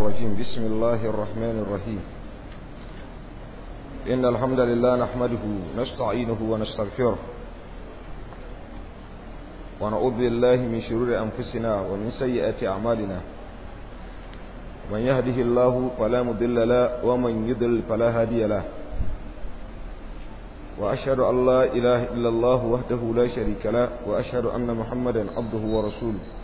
الرجيم بسم الله الرحمن الرحيم إن الحمد لله نحمده نستعينه ونستغفره ونعوذ بالله من شرور أنفسنا ومن سيئات أعمالنا من يهده الله فلا مضل له ومن يضل فلا هادي له وأشهد أن لا إله إلا الله وحده لا شريك له وأشهد أن محمدا عبده ورسوله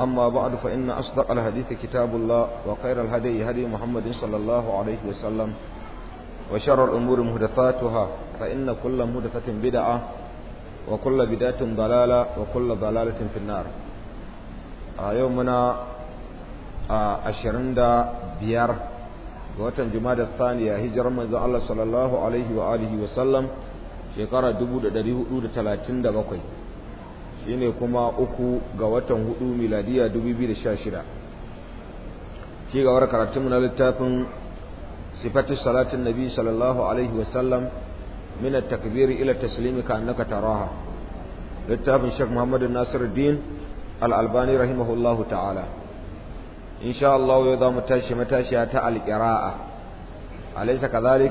أما بعد فإن أصدق الحديث كتاب الله وخير الهدي هدي محمد صلى الله عليه وسلم وشر الأمور مهدثاتها فإن كل مهدثة بدعة وكل بدعة ضلالة وكل ضلالة في النار يومنا أشرين دا بيار وتم جماد الثانية هجر من الله صلى الله عليه وآله وسلم شكرا دبود دريه أود تلاتين دا بقي shine kuma uku ga watan hudu miladiya 2016 ci gawar karatunmu na littafin sifatu salatin nabi sallallahu alaihi sallam min at-takbir ila taslimi ka annaka taraha littafin Sheikh Muhammad Nasiruddin Al-Albani rahimahullahu ta'ala insha Allah yau zamu tashi matashiya ta al-qira'a alaysa kadhalik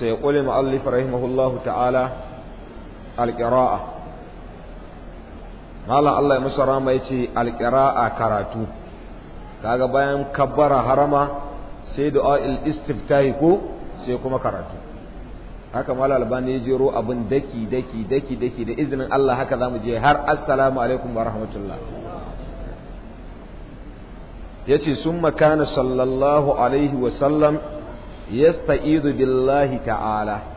sayqul mu'allif rahimahullahu ta'ala alƙira'a malam Allah ya musara rama ce alƙira'a karatu kaga bayan kabbara harama sai du'a istiftahi ko sai kuma karatu haka malam albani ya jero abin daki daki daki daki da izinin Allah haka mu je har assalamu alaikum wa rahmatullah ce sun makana sallallahu alaihi wa sallam yasta'idu billahi ta'ala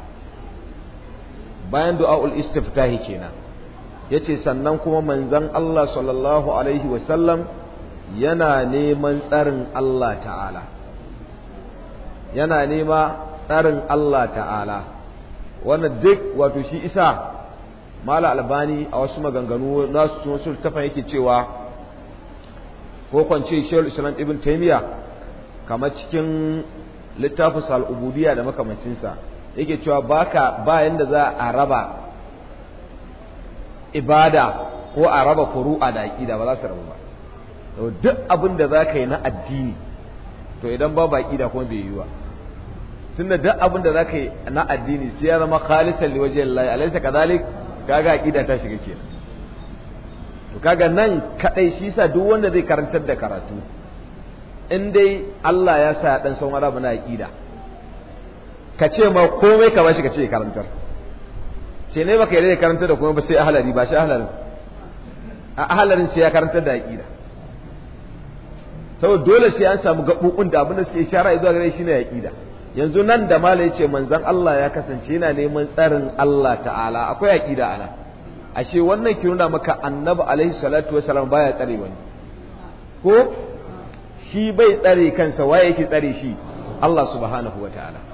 bayan du'a'ul istiftahi kenan yace sannan kuma manzon Allah sallallahu alaihi wasallam yana neman tsarin Allah ta'ala yana nema tsarin Allah ta'ala wannan duk wato shi isa mala albani a wasu maganganu nasu wasu tafa yake cewa ko kwance shehul islam ibn taymiya kamar cikin littafin al da makamancinsa yake cewa baka bayan da za a raba ibada ko a raba furu'a da aqida ba za su rabu ba duk abin da za ka yi na addini to idan ba ba aqida kuma bai yi yiwa tunda duk abin da za ka yi na addini sai ya zama khalisan liwaje Allah alaysa kadhalik kaga aqida ta shiga kenan to kaga nan kadai shi sa duk wanda zai karantar da karatu in dai Allah ya sa ɗan dan san wani abu na aqida ka ce ma komai ka bashi ka ce karantar ce ne baka yarda karanta da kuma ba sai ahalari ba shi ahalarin a ahalarin sai ya karantar da aqida saboda dole sai an samu gabobin da abin da suke shara zuwa gare shi ne aqida yanzu nan da mala yace manzon Allah ya kasance yana neman tsarin Allah ta'ala akwai aqida ana ashe wannan ke nuna maka annabi alaihi salatu wasalam baya tsare wani ko shi bai tsare kansa waye yake tsare shi Allah subhanahu wa ta'ala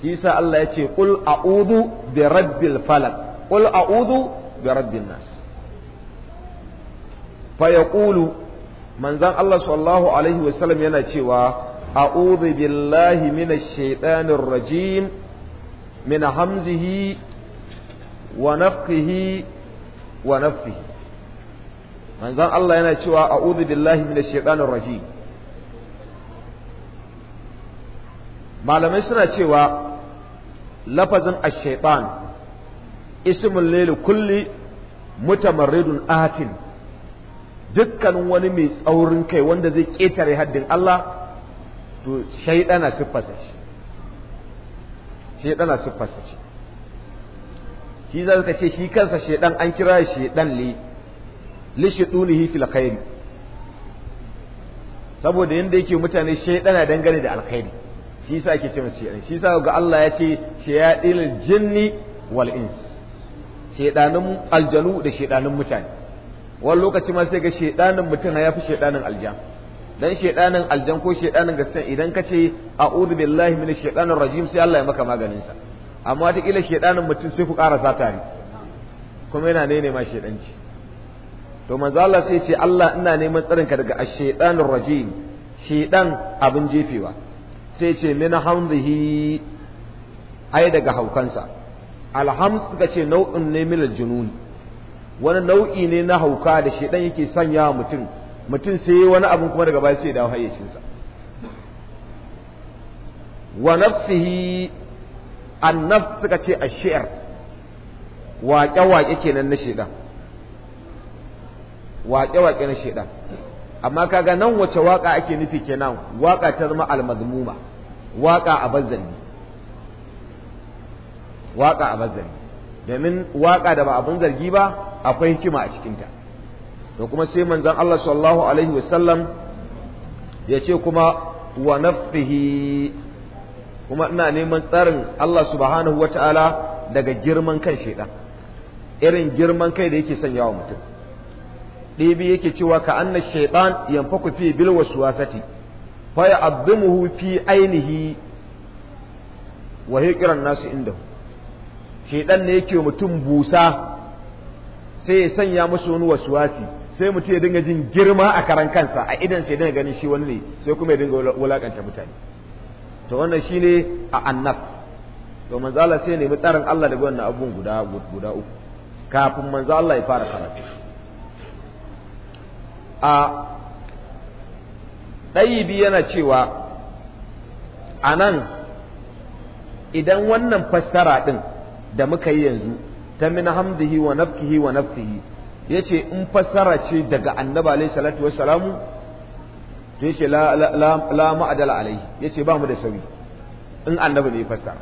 shi yasa Allah ya ce qul a'udhu bi rabbil falaq qul a'udhu bi rabbin nas fa yaqulu manzon Allah sallallahu alaihi wa wasallam yana cewa a'udhu billahi minash shaitanir rajim min hamzihi wa nafthihi wa nafthihi manzon Allah yana cewa a'udhu billahi minash shaitanir rajim malamai suna cewa lafazin ash-shaytan ismul lil kulli mutamarridun atin dukkanin wani mai tsaurin kai wanda zai ketare haddin Allah to shaydana siffarsa ce shaydana siffarsa ce shi za ka ce shi kansa shaiɗan an kira shaiɗan li li shidunihi fil khair saboda yanda yake mutane na dangane da alkhairi shi sa ke ce mace shi sa ga Allah ya ce ya jinni wal ins shaydanin aljanu da shaydanin mutane wani lokaci ma sai ga shaydanin mutum ya fi shaydanin aljan dan shaydanin aljan ko shaydanin gaskiya idan ka ce a'udhu billahi minash shaytanir rajim sai Allah ya maka maganin sa amma ta kila shaydanin mutum sai ku ƙara tare kuma yana ne ne ma shaydanci to manzo Allah sai ce Allah ina neman tsarinka daga ash-shaytanir rajim shaydan abin jefewa sai ce min hamzihi ai daga haukansa alhams suka ce nau'in ne min aljununi wani nau'i ne na hauka da shedan yake sanya mutum mutum sai wani abin kuma daga baya sai dawo hayyacinsa wa nafsihi annaf suka ce ashir waƙe-waƙe kenan na shedan waƙe-waƙe na shedan amma kaga nan wace waƙa ake nufi kenan waƙa ta zama almazmuma waka a bazzanni waka a bazzanni domin waka da ba abin zargi ba akwai hikima a cikinta to kuma sai manzon Allah sallallahu alaihi wasallam ya ce kuma wa nafsihi kuma ina neman tsarin Allah subhanahu wata'ala daga girman kan shaidan irin girman kai da yake sanya wa mutum ɗibi yake cewa ka anna shaidan yanfaku fi bil wasati. fa ya'dhimuhu fi ainihi wa hiqiran nasu indahu ɗan ne yake mutum busa sai ya sanya musu wani wasi, sai mutum ya dinga jin girma a karan kansa a idan sai dinga ganin shi wani ne sai kuma ya dinga wulakanta mutane to wannan shine a annaf to manzo Allah sai mu tsarin Allah daga wannan abun guda guda uku kafin manzo Allah ya fara karatu a ɗayibi yana cewa a nan idan wannan fassara ɗin da muka yi yanzu ta min hamdihi wa nafkihi wa nafkihi ya ce in fassara ce daga annaba alaihi salatu salamu to ya ce la ma'adala alaihi ya ce ba mu da sauyi in annaba ne fassara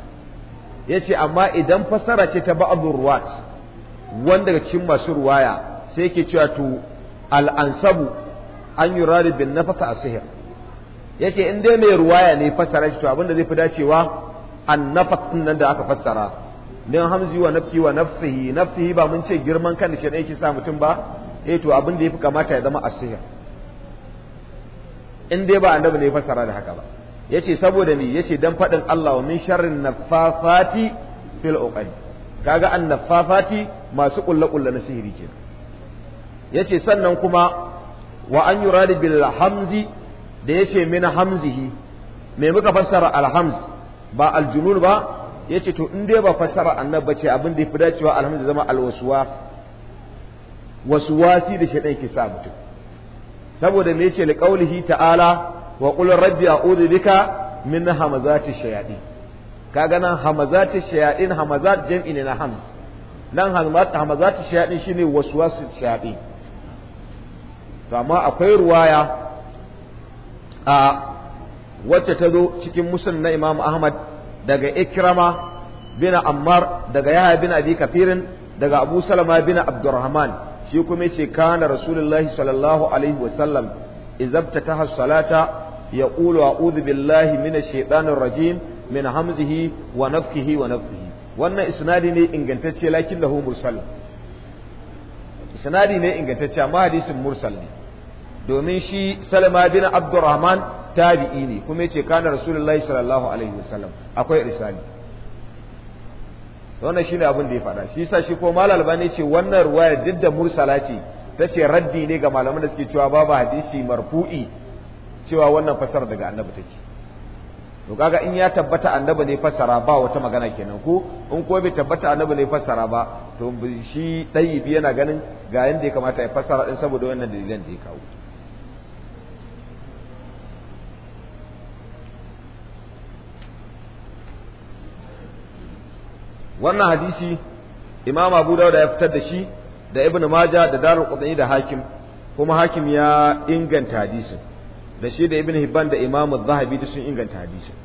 ya ce amma idan fassara ce ta ba'adun ruwat wanda daga cikin masu ruwaya sai yake cewa to al'ansabu an yi rari bin nafaka a sihir yace in dai mai ruwaya ne fassara shi to abinda zai fi dacewa an nafas din nan da aka fassara min hamzi wa nafki wa nafsihi nafsihi ba mun ce girman kan shi ne yake sa mutum ba eh to abin da yafi kamata ya zama asihir in dai ba annabi ne fassara da haka ba yace saboda ni yace dan fadin Allah wa min sharrin nafafati fil uqad kaga an nafafati masu kulla kulla na sihiri kenan yace sannan kuma wa an yurad bil hamzi da ya ce min hamzihi me muka fassara alhamz ba aljunun ba ya ce to in dai ba fassara ba ce abin da ya fi dacewa alhamz zama alwaswas wasuwasi da shaitan ke sa mutum saboda me ce liƙaulihi ta'ala wa qul rabbi a'udhu bika min hamazati shayatin kaga nan hamazati shayatin hamazat jam'i ne na hamz nan hamazati shayatin shine waswasu shayatin to amma akwai ruwaya a wacce ta zo cikin musulun na Imam Ahmad daga Ikrama bin Ammar daga Yahya bin Abi Kafirin daga Abu Salama bin Abdurrahman shi kuma yace kana Rasulullahi sallallahu alaihi wasallam izabtataha salata yaqulu a'udhu billahi minash shaitanir rajim min hamzihi wa nafkihi wa nafkihi wannan isnadi ne ingantacce lakin lahu mursal isnadi ne ingantacce amma hadisin mursal ne domin shi salama bin abdurrahman tabi'i ne kuma yace kana rasulullahi sallallahu alaihi wasallam akwai irsali wannan shine abin da ya faɗa shi yasa shi ko malal albani ce wannan ruwaya duk da mursala ce tace raddi ne ga malaman da suke cewa babu hadisi marfu'i cewa wannan fasar daga annabi take to kaga in ya tabbata annabi ne fassara ba wata magana kenan ko in ko bai tabbata annabi ne fassara ba to shi tayyibi yana ganin ga yanda ya kamata ya fassara din saboda wannan dalilan da ya kawo wannan hadisi imam abu dauda ya fitar da shi da ibn majah da darul qutni da hakim kuma hakim ya inganta hadisi da shi da ibn hibban da imam az-zahabi sun inganta hadisin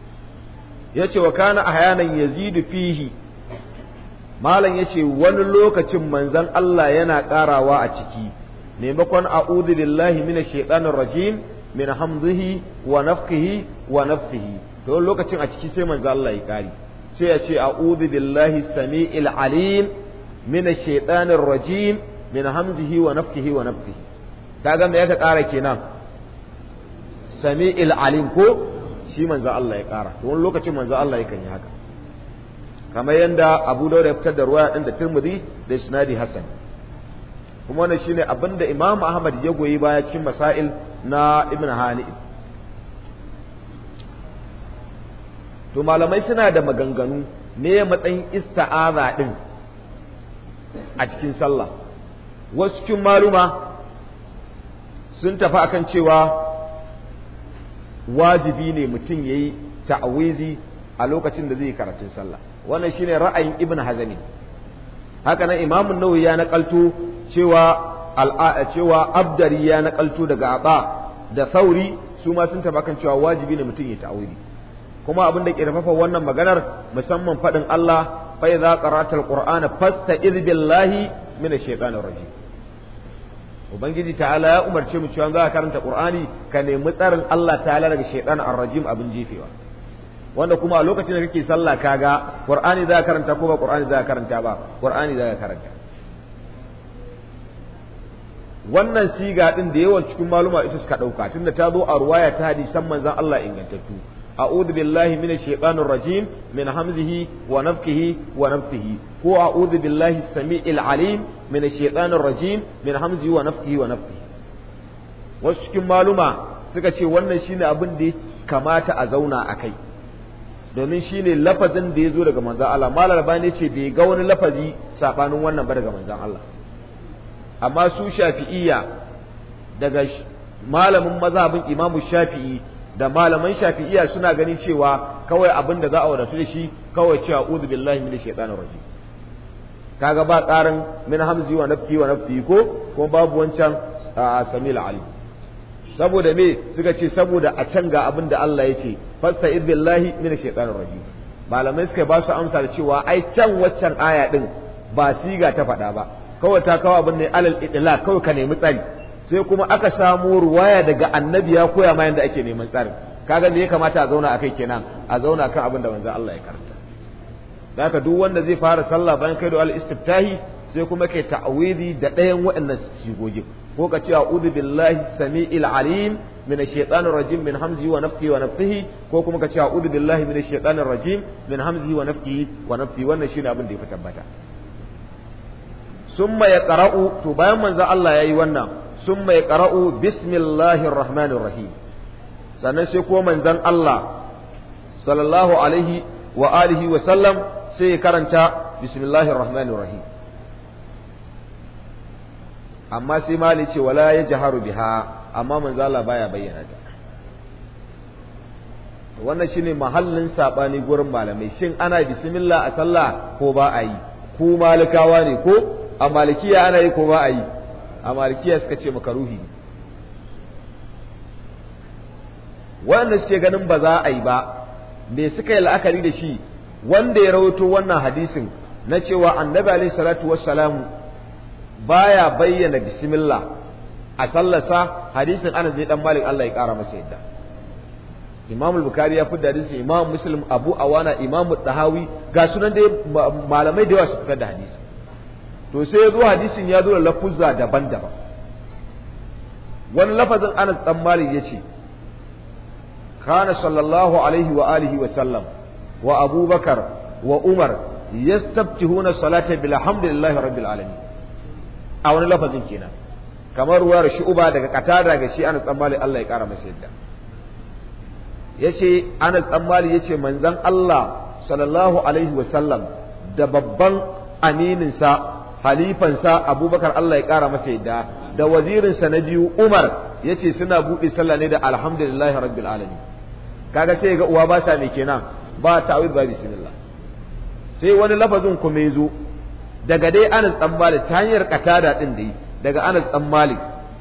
yace wa kana ahyanan yazidu fihi malam yace wani lokacin manzon Allah yana karawa a ciki maimakon a'udhu billahi minash shaitanir rajim min hamzahi, wa nafkihi wa nafthihi to lokacin a ciki sai manzon Allah ya kare. sai ya ce a'udhu billahi samiil alim min ash-shaytanir rajim min hamzihi wa nafthihi wa nafthihi kaga me yaka kara kenan samiil alim ko shi manzo Allah ya kara to wani lokacin manzo Allah yakan yi haka kamar yanda Abu Dawud ya fitar da ruwaya din da Tirmidhi da Isnadi Hasan kuma wannan shine abinda Imam Ahmad ya goyi baya cikin masail na Ibn Hanif to malamai suna da maganganu me matsayin ista'aza din a cikin sallah wasu cikin maluma sun tafi akan cewa wajibi ne mutum ya yi ta'awizi a lokacin da zai yi karatun sallah wannan shine ra'ayin ibn hazami haka nan imamun nawawi ya nakalto cewa cewa abdari ya nakalto daga aba da sauri su ma sun tafi akan cewa wajibi ne mutum ya ta'awizi kuma abin da ke wannan maganar musamman faɗin Allah fa idza qara'ta qur'ana fasta billahi min rajim ubangiji ta'ala ya umarce mu cewa za a karanta qur'ani ka nemi tsarin Allah ta'ala daga shaytan ar-rajim abin jifewa wanda kuma a lokacin da kake sallah kaga qur'ani za a karanta ko ba qur'ani za a karanta ba qur'ani za a karanta wannan siga din da yawan cikin maluma ita suka dauka tunda ta zo a ruwaya ta hadisan manzon Allah ingantattu أعوذ بالله من الشيطان wa من همزه ونفخه ونفثه هو أعوذ بالله السميع العليم min الشيطان wa من wa ونفخه Wasu cikin maluma suka ce wannan shine abin da kamata a zauna a kai domin shine lafazin da ya zo daga manzan Allah malar bani ce bai ga wani lafazi sabanin wannan ba daga manzan Allah amma su shafi'iyya daga malamin mazhabin imamu shafi'i da malaman shafi'iya suna ganin cewa kawai abin da za a wadatu da shi kawai cewa uzu billahi min shaitanir rajim kaga ba tsarin min hamzi wa nafki wa nafki ko kuma babu wancan samil ali saboda me suka ce saboda a can ga abin da Allah ya ce fasta'id billahi min shaitanir rajim malamai suka ba su amsa da cewa ai can waccan aya din ba siga ta faɗa ba kawai ta kawo abin ne alal idla kawai ka nemi tsari sai kuma aka samu ruwaya daga annabi ya koya ma yadda ake neman tsarin kaga me ya kamata a zauna akai kenan a zauna kan abin da manzo Allah ya karanta haka duk wanda zai fara sallah bayan kai da al-istiftahi sai kuma kai ta'awidi da ɗayan waɗannan sigogin ko ka ce a'udhu billahi samiil alim min ash-shaytanir rajim min hamzihi wa nafthihi wa nafthihi ko kuma ka ce a'udhu billahi min ash-shaytanir rajim min hamzihi wa nafthihi wa nafthihi wannan shine abin da ya fi tabbata summa yaqra'u to bayan manzo Allah yayi wannan sun mai ƙara'u bismillahir rahmanir rahim sannan sai ko manzon Allah sallallahu alaihi wa alihi wa sallam sai ya karanta bismillahir rahmanir rahim amma sai mali ce wala ya biha amma manzon Allah baya bayyana ta wannan shine mahallin sabani gurin malamai shin ana bismillah a sallah ko ba a yi ku malikawa ne ko a malikiya ana yi ko ba a yi a malikiya suka ce makaruhi waɗanda suke ganin ba za a yi ba me suka yi la'akari da shi wanda ya rahoto wannan hadisin na cewa annabi alaihi salatu wassalamu baya bayyana bismillah a sallasa hadisin anas ne dan malik Allah ya kara masa yadda imam al-bukhari ya fidda hadisin imam muslim abu awana imam tahawi ga sunan dai malamai da yawa su fitar da hadisin to sai ya zo hadisin ya zo da lafuzza daban-daban wani lafazin anas dan malik ce, kana sallallahu alaihi wa alihi wa sallam wa abubakar wa umar yastabtihuna salata bil hamdulillahi rabbil alamin a wani lafazin kenan kamar ruwayar shu'uba daga katada ga shi anas dan malik Allah ya kara masa yadda yace anas dan malik yace manzon Allah sallallahu alaihi wa sallam da babban sa. halifansa abubakar Allah ya kara masa yadda da wazirinsa na biyu umar ya ce suna buɗe sallah ne da alhamdulillahi rabbil alamin kaga sai ga uwa ba sa mai kenan ba ta'awil ba bismillah sai wani lafazin kuma ya zo daga dai anas dan malik ta hanyar katada din dai daga anas dan malik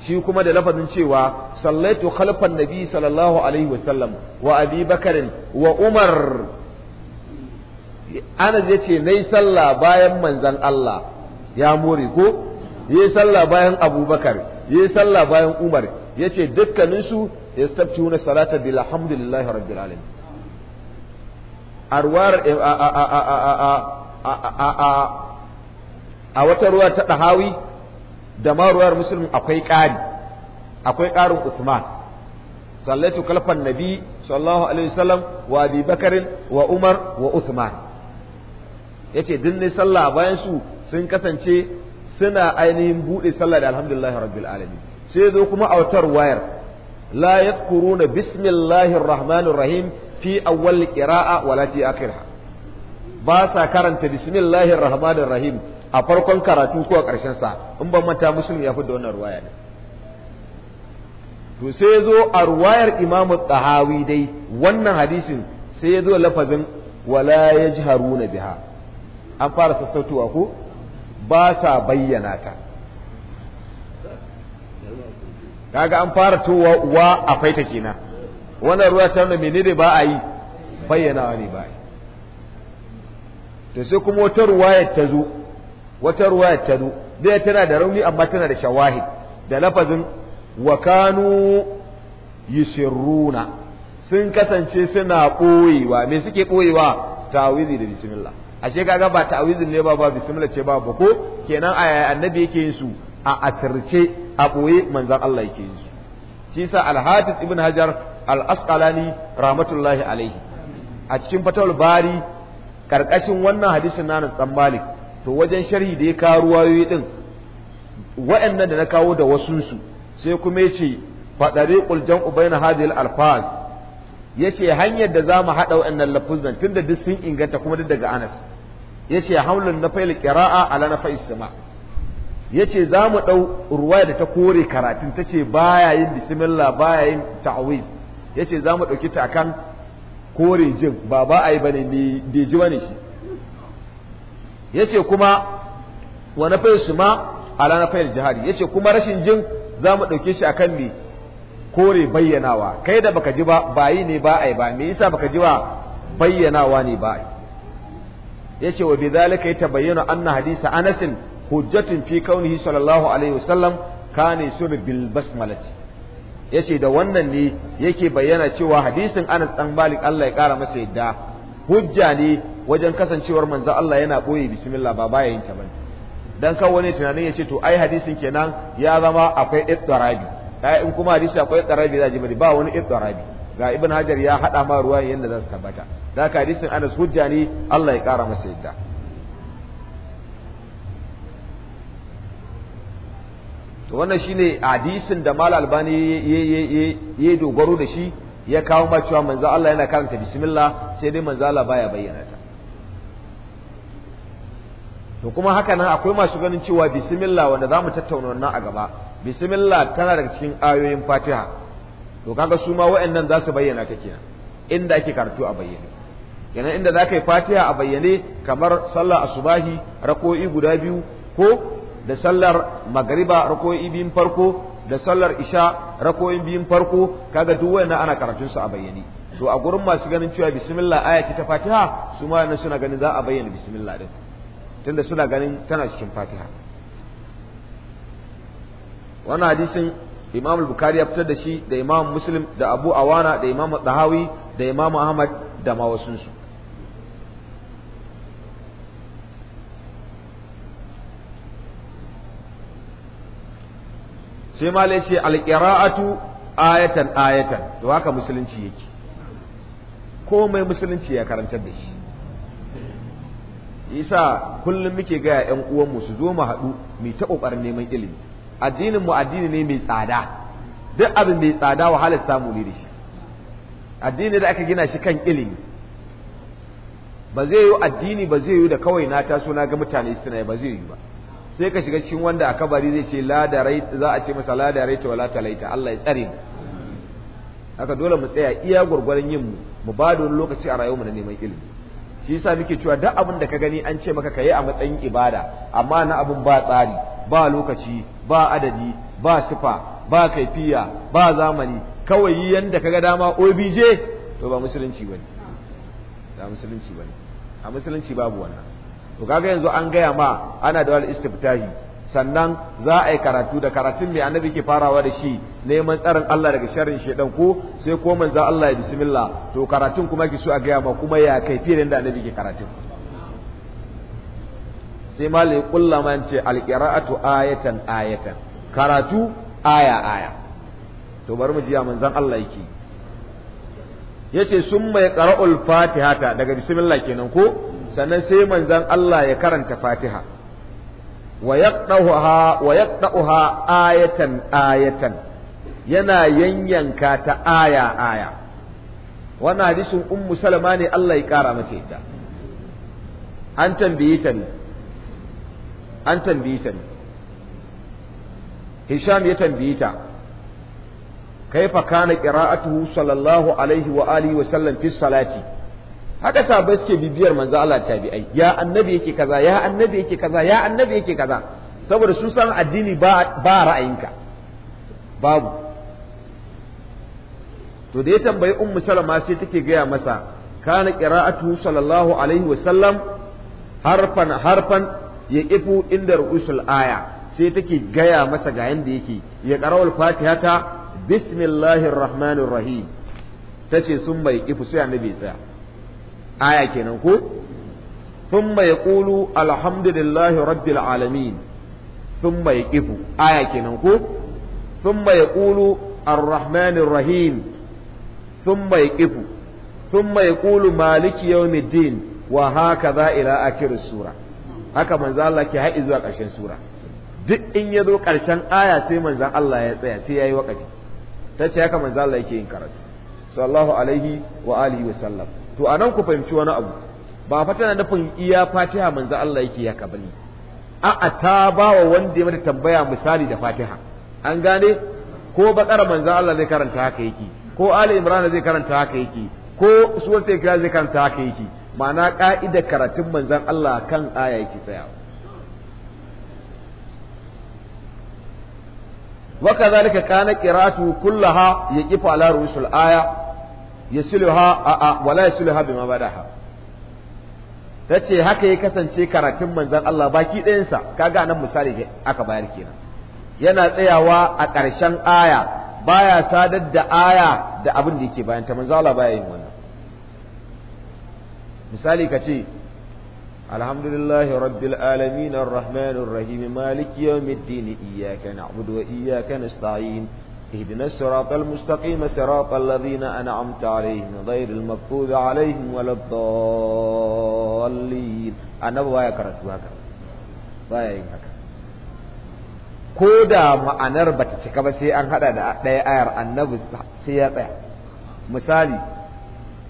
shi kuma da lafazin cewa sallaitu khalfan nabi sallallahu alaihi wasallam wa abi wa umar anas yace nayi sallah bayan manzon Allah ya more ko yayi sallah bayan abubakar yayi sallah bayan umar ce dukkanin su yastabtuna salata bil hamdulillahi rabbil alamin arwar a a a a wata ruwa ta dahawi da ma ruwar muslim akwai ƙari akwai ƙarin usman sallaitu kalfan nabi sallallahu alaihi wasallam wa abubakar bakarin wa umar wa usman yace dinne sallah bayan su sun kasance suna ainihin buɗe sallah da alhamdulillahi rabbil alamin sai zo kuma autar wayar la yadhkuruna bismillahir rahmanir rahim fi awwal qira'a wala fi akhirha ba sa karanta bismillahir rahmanir rahim a farkon karatu ko a ƙarshen sa in ban manta muslim ya fi da wannan ruwaya ne to sai zo a ruwayar imamu tsahawi dai wannan hadisin sai ya zo lafazin wala ya ji haruna biha an fara sassautuwa ko ba sa bayyana ta kaga an fara towa uwa a faita kenan wannan ruwa ta nuna menene ba a yi bayyanawa ne ba to sai kuma wata ruwayar ta zo wata ruwayar ta zo dai tana da rauni amma tana da shawahid da lafazin wa kanu yusirruna sun kasance suna ɓoyewa me suke ɓoyewa tawili da bismillah ashe kaga ba ta'awizin ne ba ba bismillah ce ba ba ko kenan a annabi yake yin su a asirce a boye manzon Allah yake yin su shi sa al-hafiz ibn hajar al-asqalani rahmatullahi alaihi a cikin fatawul bari karkashin wannan hadisin na Anas dan Malik to wajen sharhi da ya kawo ruwayoyi din waɗannan da na kawo da wasu su sai kuma yace fadari qul jam'u baina hadhihi al-alfaz yace hanyar da zamu haɗa waɗannan lafuzan tunda duk sun inganta kuma duk daga Anas yace haulun na fa'il qira'a ala na fa'is sama yace za mu dau ruwaya da ta kore karatun tace baya yin bismillah baya yin ta'awiz yace za mu dauki ta akan kore jin ba ba ai bane ne da ji bane shi yace kuma wa na fa'is sama ala na fa'il jihari yace kuma rashin jin za mu dauke shi akan ne kore bayyanawa kai da baka ji ba bayi ne ba ai ba me yasa baka ji ba bayyanawa ne ba ai yace wa bidhalika yatabayyana anna hadisa Anas hujjatun fi kaunihi sallallahu alaihi wasallam kana yusuru bil basmalati yace da wannan ne yake bayyana cewa hadisin Anas dan Malik Allah ya kara masa yadda hujja ne wajen kasancewar manzo Allah yana boye bismillah ba baya yin ta bane dan kawo wani tunanin yace to ai hadisin kenan ya zama akwai ittirabi ai in kuma hadisi akwai ittirabi za ji bane ba wani ittirabi ga ibn hajar ya hada ma ruwa yanda za su tabbata da ka hadisin anas hujja ne Allah ya kara masa yadda to wannan shine hadisin da mal albani ya dogaro da shi ya kawo ma cewa manzo Allah yana karanta bismillah sai dai manzo Allah baya bayyana ta to kuma haka nan akwai masu ganin cewa bismillah wanda zamu tattauna wannan a gaba bismillah tana daga cikin ayoyin fatiha to kaga su ma wa'annan za su bayyana ta kenan inda ake karatu a bayyane kenan inda za ka yi fatiha a bayyane kamar sallar asubahi rako'i guda biyu ko da sallar magariba rako'i biyun farko da sallar isha rako'i biyun farko kaga duk wa'annan ana karatun su a bayyane to a gurin masu ganin cewa bismillah aya ce ta fatiha su ma suna ganin za a bayyana bismillah din tunda suna ganin tana cikin fatiha wannan hadisin imam al-bukhari ya fitar da shi da imam muslim da abu awana da imam dahawi da imam ahmad da ma wasu su sai ma ce al-qira'atu ayatan ayatan to haka musulunci yake mai musulunci ya karantar da shi isa kullum muke ga ƴan uwanmu su zo mu haɗu mu ta ƙoƙarin neman ilimi addinin mu addini ne mai tsada duk abin mai tsada wahalar samu ne da shi addini da aka gina shi kan ilimi ba zai yi addini ba zai yi da kawai na taso na ga mutane suna ba zai yi ba sai ka shiga cikin wanda a kabari zai ce la da za a ce masa la da raita wala talaita Allah ya tsare mu haka dole mu tsaya iya gurgurun yin mu mu ba da wani lokaci a rayuwa mu na neman ilimi shi yasa muke cewa duk abin da ka gani an ce maka ka yi a matsayin ibada amma na abin ba tsari ba lokaci ba adadi ba sifa ba kaifiya ba zamani kawai yanda kaga dama obj to ba musulunci bane ba musulunci bane a musulunci babu wannan to kaga yanzu an gaya ma ana da wal istiftahi sannan za a yi karatu da karatun mai annabi ke farawa da shi neman tsarin Allah daga sharrin shaidan ko sai ko manzo Allah ya bismillah to karatun kuma ki so a gaya ma kuma ya kai fiye da annabi ke karatun sai malai kulla man ce alqira'atu ayatan ayatan karatu aya aya to bari mu ji ya manzon Allah yake yace sun mai qara'ul fatihata daga bismillah kenan ko sannan sai manzon Allah ya karanta fatiha wa yaqta'uha ayatan ayatan yana yanyanka ta aya aya wannan hadisin ummu salama ne Allah ya kara mata ita an tambaye ta ne an tambaye ta ne hisham ya tambaye ta kaifa kana sallallahu alaihi wa sallam haka sahabbai suke bibiyar manzo Allah tabi'ai ya annabi yake kaza ya annabi yake kaza ya annabi yake kaza saboda su san addini ba ba ra'ayinka babu to da ya tambayi ummu salama sai take gaya masa kana qira'atu sallallahu alaihi wa sallam harfan harfan ya ifu inda ru'usul aya sai take gaya masa ga yanda yake ya qarawal fatihata bismillahir rahmanir rahim tace sun bai ifu sai annabi tsaya aya kenan ko thumma yaqulu alhamdulillahi rabbil alamin thumma yaqifu aya kenan ko thumma yaqulu arrahmanir rahim thumma yaqifu thumma yaqulu maliki yawmiddin wa hakaza ila akhir sura haka manzo Allah ke haɗi zuwa ƙarshen sura duk in ya zo ƙarshen aya sai manzan Allah ya tsaya sai ya yi waƙafi ta ce haka manzan Allah yake yin karatu sallallahu alaihi wa alihi wa sallam to a nan ku fahimci wani abu ba fa tana nufin iya fatiha manzo Allah yake ya kabali a'a ta ba wa wanda ya mata tambaya misali da fatiha an gane ko bakara manzo Allah zai karanta haka yake ko ali imran zai karanta haka yake ko suratul ikhlas zai karanta haka yake ma'ana ka'ida karatun manzon Allah kan aya yake wa kadhalika kana qira'atu kullaha يقف على rusul aya yasiluha a a wala yasiluha bima badaha tace haka ya kasance karatun manzon Allah baki ɗayansa kaga nan misali aka bayar kenan yana tsayawa a ƙarshen aya baya sadar da aya da abin da yake bayan ta Allah baya yin wannan misali kace alhamdulillahi rabbil alamin arrahmanir rahim maliki yawmiddin iyyaka na'budu wa iyyaka nasta'in اهدنا الصراط المستقيم صراط الذين أنعمت عليهم غير المغضوب عليهم ولا الضالين أنا بوايا كرت بوايا كودا ما أنا ربت شكرا بس أن هذا لا يأير مثالي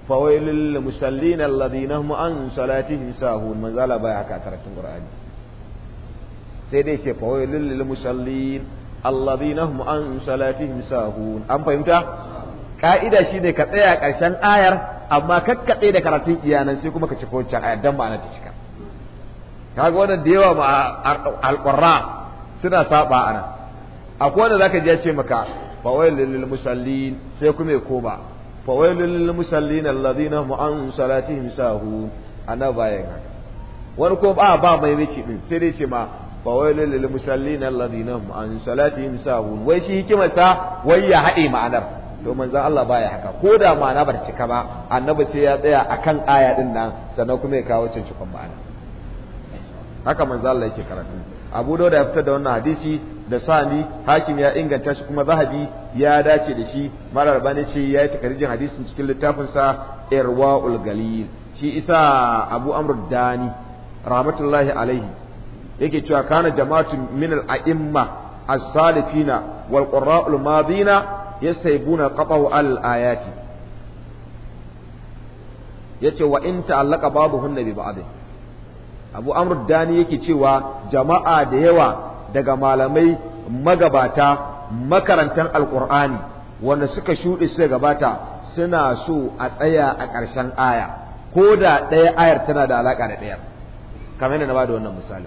فويل للمصلين الذين هم عن صلاتهم ساهون من زال بايا كرت القرآن سيدي فويل للمصلين alladhina hum an salatihim sahun an fahimta ka'ida shine ka tsaya karshen ayar amma kakkade da karatun iyanan sai kuma ka ci kowace ayar dan ma'ana ta cika kaga wannan da yawa ba alqurra suna saba ana akwai wanda zaka je ce maka fa wailul lil musallin sai kuma ya koma fa wailul lil musallin alladhina hum an salatihim sahun ana bayan wani ko ba ba mai miki din sai dai ce ma fa wailul lil musallin alladhina hum an salatihim sahun wai shi hikimarsa wai ya hade ma'anar to manzon Allah baya haka ko da ma'ana bar cika ba annabi sai ya tsaya akan aya din nan sannan kuma ya kawo cikon ma'ana haka manzon Allah yake karatu Abu Dawud ya fitar da wannan hadisi da sani hakim ya inganta shi kuma zahabi ya dace da shi marar bane ce ya yi takarijin hadisin cikin littafin sa irwaul galil shi isa abu amr dani rahmatullahi alaihi yake cewa kana jama'atu min al-a'imma as-salifina wal qurra'ul madina yasaybuna qatahu al-ayati yace wa in ta'allaqa babu bi ba'd Abu Amr Dani yake cewa jama'a da yawa daga malamai magabata makarantan alqur'ani wanda suka shuɗe suka gabata suna so a tsaya a ƙarshen aya ko da ɗaya ayar tana da alaƙa da ɗayar kamar yadda na ba da wannan misalin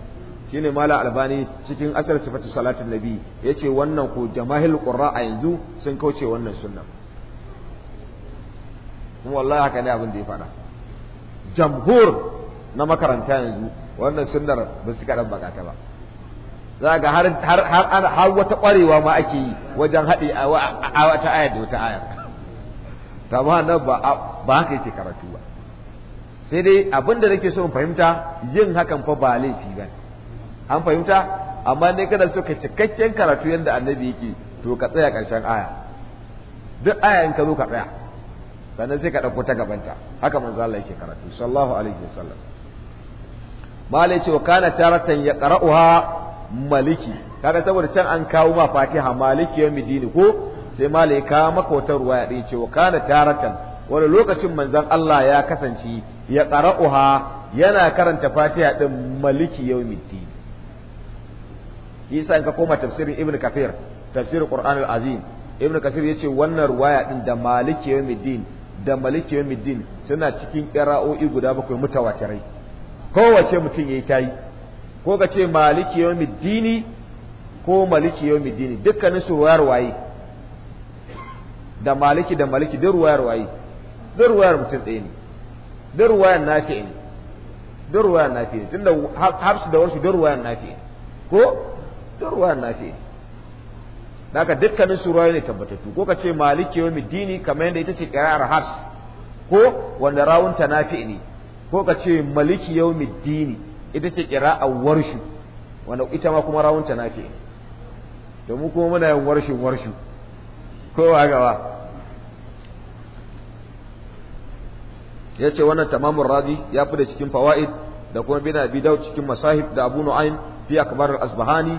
shine mala albani cikin asar sifatu salatin nabi yace wannan ko jama'il qurra a yanzu sun kauce wannan sunna kuma wallahi haka ne abin da ya fada jamhur na makaranta yanzu wannan sunnar ba su kaɗan bakata ba za ga har wata ƙwarewa ma ake yi wajen haɗi a wata aya da wata aya ba nan ba ba haka yake karatu ba sai dai abin da nake so fahimta yin hakan fa ba laifi ba ne an fahimta amma ne kana so ka cikakken karatu yadda annabi yake to ka tsaya ƙarshen aya duk aya in ka zo ka tsaya sannan sai ka ɗauko ta gabanta haka manzo Allah yake karatu sallallahu alaihi wasallam malai ce wa kana taratan ya qara'uha maliki kaga saboda can an kawo ma fatiha maliki ya midini ko sai malai ka maka wata ruwaya din ce wa kana taratan wani lokacin manzon Allah ya kasance ya qara'uha yana karanta fatiha din maliki yaumiddin yasa in ka koma tafsirin ibnu kafir tafsirin al azim ibnu kafir yace wannan ruwaya din da maliki yawmiddin da maliki din suna cikin qira'o'i guda bakwai mutawatirai kowace mutum yayi tayi ko ka ce maliki dini ko maliki yawmiddini dukkanin su ruwayar waye da maliki da maliki duk ruwayar waye duk ruwayar mutum ɗaya ne duk ruwayar nafi ne duk ruwayar nafi ne tunda hafsu da wasu duk ruwayar nafi ko duk ruwayar nafi ne haka dukkanin su ruwayoyi ne tabbatattu ko ka ce maliki yawmi dini kamar yadda ita ce qira'ar has ko wanda rawunta nafi ne ko ka ce maliki yau dini ita ce qira'ar warshu wanda ita ma kuma rawunta nafi ne domin kuma muna yin warshin warshu kowa gaba ya ce wannan tamamun radi ya fi da cikin fawa'id da kuma bin abi daud cikin masahib da abu nu'aym fi akbar al-asbahani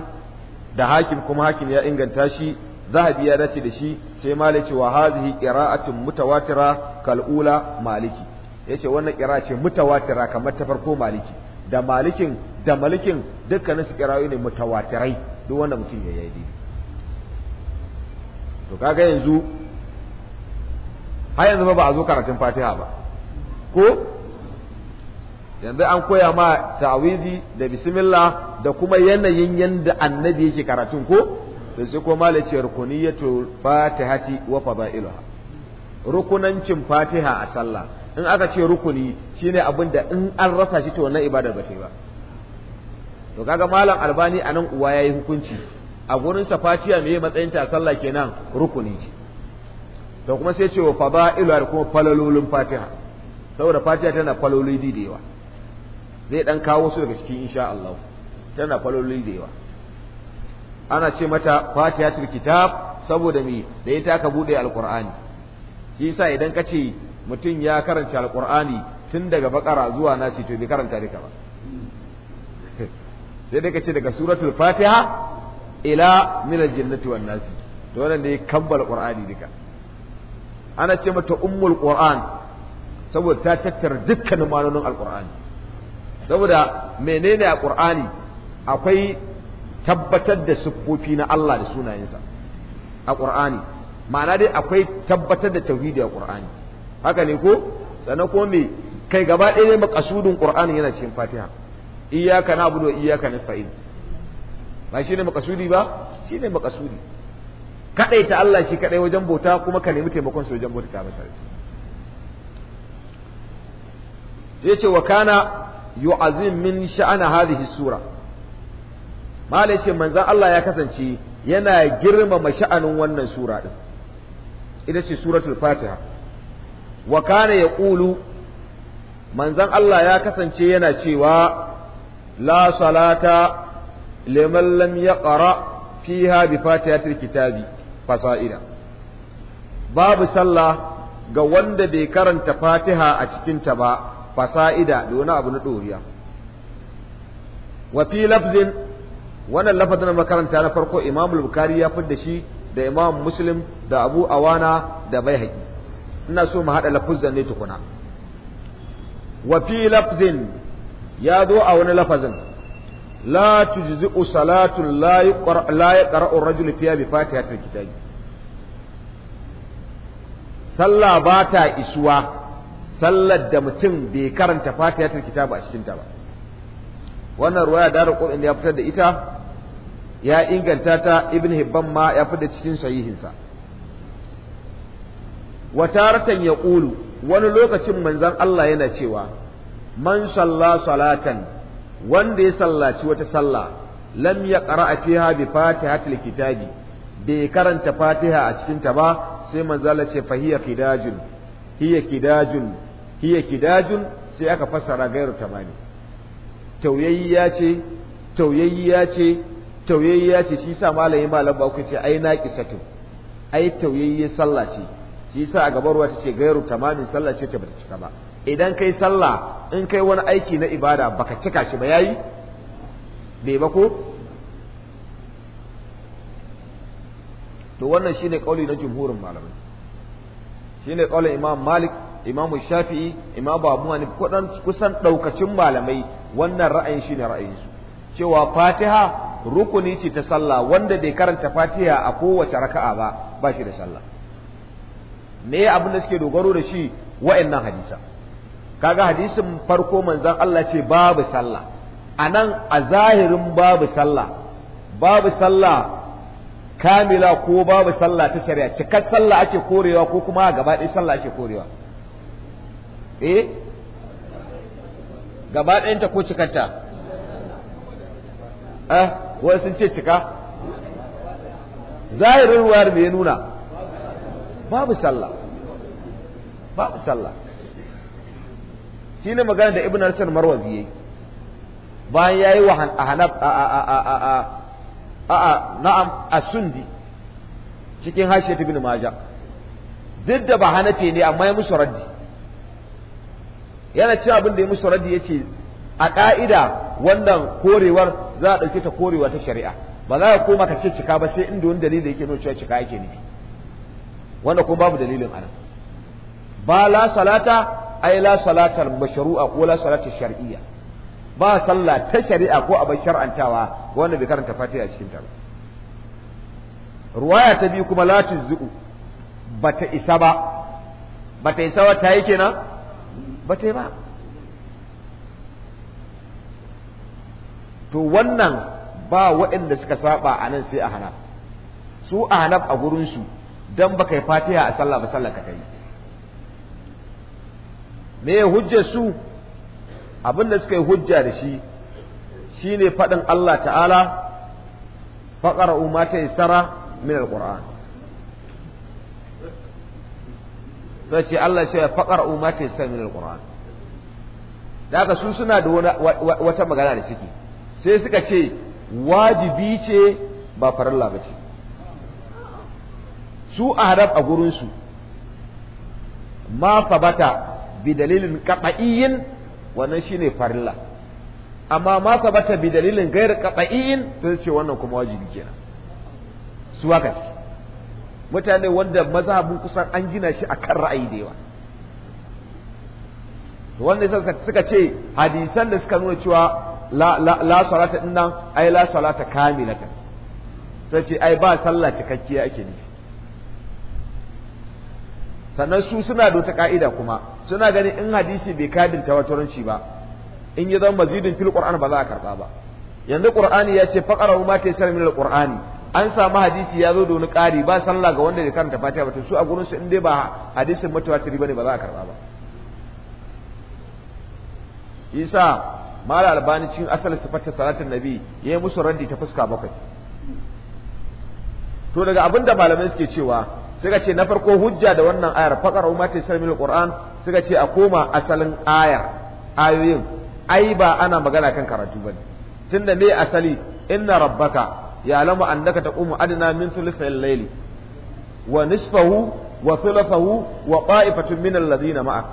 da hakim kuma hakim ya inganta shi zahabi ya dace da shi sai malik wa hazihi qira'atun mutawatira kal'ula maliki yace wannan qira'a ce mutawatira kamar ta farko maliki da malikin da malikin dukkanin su qira'o ne mutawatirai duk wanda mutum ya yi to kaga yanzu har yanzu ba a zo karatun fatiha ba ko yanzu an koya ma ta'awizi da bismillah da kuma yanayin yanda annabi yake karatun ko da sai ko mala ce rukuniyatu fatihati wa fadailuha rukunancin fatiha a sallah in aka ce rukuni shine abin da in an rasa shi to wannan ibadar ba ba to kaga malam albani anan uwa yayi hukunci a gurin sa fatiha meye matsayin ta sallah kenan rukuni ce to kuma sai ce wa fadailuha kuma falalolin fatiha saboda fatiha tana falaloli da yawa zai dan kawo su daga cikin insha Allah tana faloli da yawa ana ce mata fatihatul kitab saboda me da ita ka bude alqur'ani shi yasa idan ka ce mutum ya karanta alqur'ani tun daga bakara zuwa nasi to bai karanta dika ba sai daga ce daga suratul fatiha ila min aljannati wan nasi to wannan ne kammala qur'ani duka ana ce mata ummul qur'an saboda ta tattara dukkanin ma'anonin alqur'ani saboda menene a qur'ani akwai tabbatar da siffofi na Allah da sunayensa a qur'ani ma'ana dai akwai tabbatar da tauhidi a qur'ani haka ne ko sannan ko me kai gaba ɗaya ne maƙasudin qur'ani yana cikin fatiha iyyaka na'budu wa iyyaka nasta'in ba shine makasudi ba shine makasudi kadaita Allah shi kadai wajen bauta kuma ka nemi taimakon sa wajen bauta masa yace wa kana yu'azim min sha'ana hadhihi sura malai ce manzon Allah ya kasance yana girmama sha'anin wannan sura din ita ce suratul fatiha wa kana yaqulu manzon Allah ya kasance yana cewa la salata liman lam yaqra fiha bi fatihatil kitabi fasa'ida babu sallah ga wanda bai karanta fatiha a cikinta ba fasa'ida da wani abu na ɗoriya wa fi lafzin wannan lafazin makaranta na farko imam bukari ya fidda shi da imam muslim da abu awana da bai ina so mu haɗa lafuzan ne tukuna wa fi lafzin ya zo a wani lafazin la tujzi'u salatun la yaqra'u ar-rajulu fiha bi fatihatil kitabi sallah ba ta isuwa sallar da mutum bai karanta fatihatul kitabu a cikin ba wannan ruwaya da rukun ya fitar da ita ya inganta ta ibn hibban ma ya fitar cikin sahihinsa wa ya yaqulu wani lokacin manzon Allah yana cewa man salla salatan wanda ya sallaci wata sallah lam yaqra fiha bi fatihatil kitabi bai karanta fatiha a cikinta ba sai manzo Allah ce fahiya kidajun hiya kidajun hiya kidajun sai aka fassara gairu tamani tauyayya ce tauyayya ce tauyayya ce shi sa malamin malam ba ku ce ai naqisatu ai tauyayya sallah ce shi sa a gabar ruwa tace gairu tamamin sallah ce ta bata cika ba idan kai sallah in kai wani aiki na ibada baka cika shi ba yayi bai ba ko to wannan shine kauli na jumhurin malamai shine kaulin imam malik imamu shafi'i imamu abu hanif kusan daukacin malamai wannan ra'ayin shi ne ra'ayin su. cewa fatiha rukuni ce ta sallah wanda bai karanta fatiha a kowace raka'a ba ba shi da sallah me ya abin da suke dogaro da shi wa'annan hadisa kaga hadisin farko manzon Allah ce babu sallah anan a zahirin babu sallah babu sallah kamila ko babu sallah ta shari'a cikar sallah ake korewa ko kuma gaba ɗaya sallah ake korewa eh gaba ɗayanta ko cikanta eh ah, wai sun ce cika zahirin ruwayar me ya nuna babu sallah babu sallah shine magana da ibn al-Hasan Marwazi yayi bayan yayi wa Hanaf a a a a a a a na'am asundi cikin Hashiyat ibn Majah duk da ba hanafi ne amma ya musu raddi yana cewa abin da ya musu raddi yace a ka'ida wannan korewar za a ɗauke ta korewa ta shari'a ba za ka koma ka ce cika ba sai inda wani dalili yake nuna cewa cika yake nufi wanda kuma babu dalilin anan ba la salata ai la salatar mashru'a ko la salatar shar'iyya ba sallah ta shari'a ko abin shar'antawa wanda bai karanta fatiha a cikin ta ruwaya ta biyu kuma la tuzu bata isa ba bata isa ba ta yi kenan ba ba to wannan ba waɗanda suka saba a nan sai a hanaf su a hanaf a gurinsu don ba kai fatiha a sallah ba sallah ka ta yi me hujjar su abinda suka yi hujja da shi shine faɗin Allah ta'ala faƙara ma ta yi sara min alƙur'an sai ce Allah ce ya faqar ummati sami alquran ka su suna da wata magana da ciki sai suka ce wajibi ce ba farilla ba ce su arab a gurin su ma sabata bi dalilin qat'iyyin wannan shine farilla amma ma sabata bi dalilin gair qat'iyyin sai ce wannan kuma wajibi kenan su haka mutane wanda mazhabin kusan an gina shi a kan ra'ayi da yawa wanda suka ce hadisan da suka nuna cewa la salata din nan ai la salata kamilatan sai ce ai ba sallah cikakkiya ake nufi sannan su suna da wata ka'ida kuma suna ganin in hadisi bai kadin tawatoranci ba in ya zama mazidin fil qur'an ba za a karba ba yanzu qur'ani ya ce faqara ma taysara min al qur'ani an samu hadisi ya zo da wani ƙari ba sallah ga wanda ya karanta fatiha ba to su a gurin su in dai ba hadisin mutawatir bane ba za a karba ba isa mala albani cikin asalin sifatar salatin nabi ya yi musu raddi ta fuska bakwai to daga abin da malamai suke cewa suka ce na farko hujja da wannan ayar faqara ummati ta qur'an suka ce a koma asalin ayar ayoyin ai ba ana magana kan karatu bane tunda me asali inna rabbaka ya'lamu annaka taqumu adna min thulthil layli wa nisfahu wa thulthahu wa qa'ifatun min alladhina ma'ak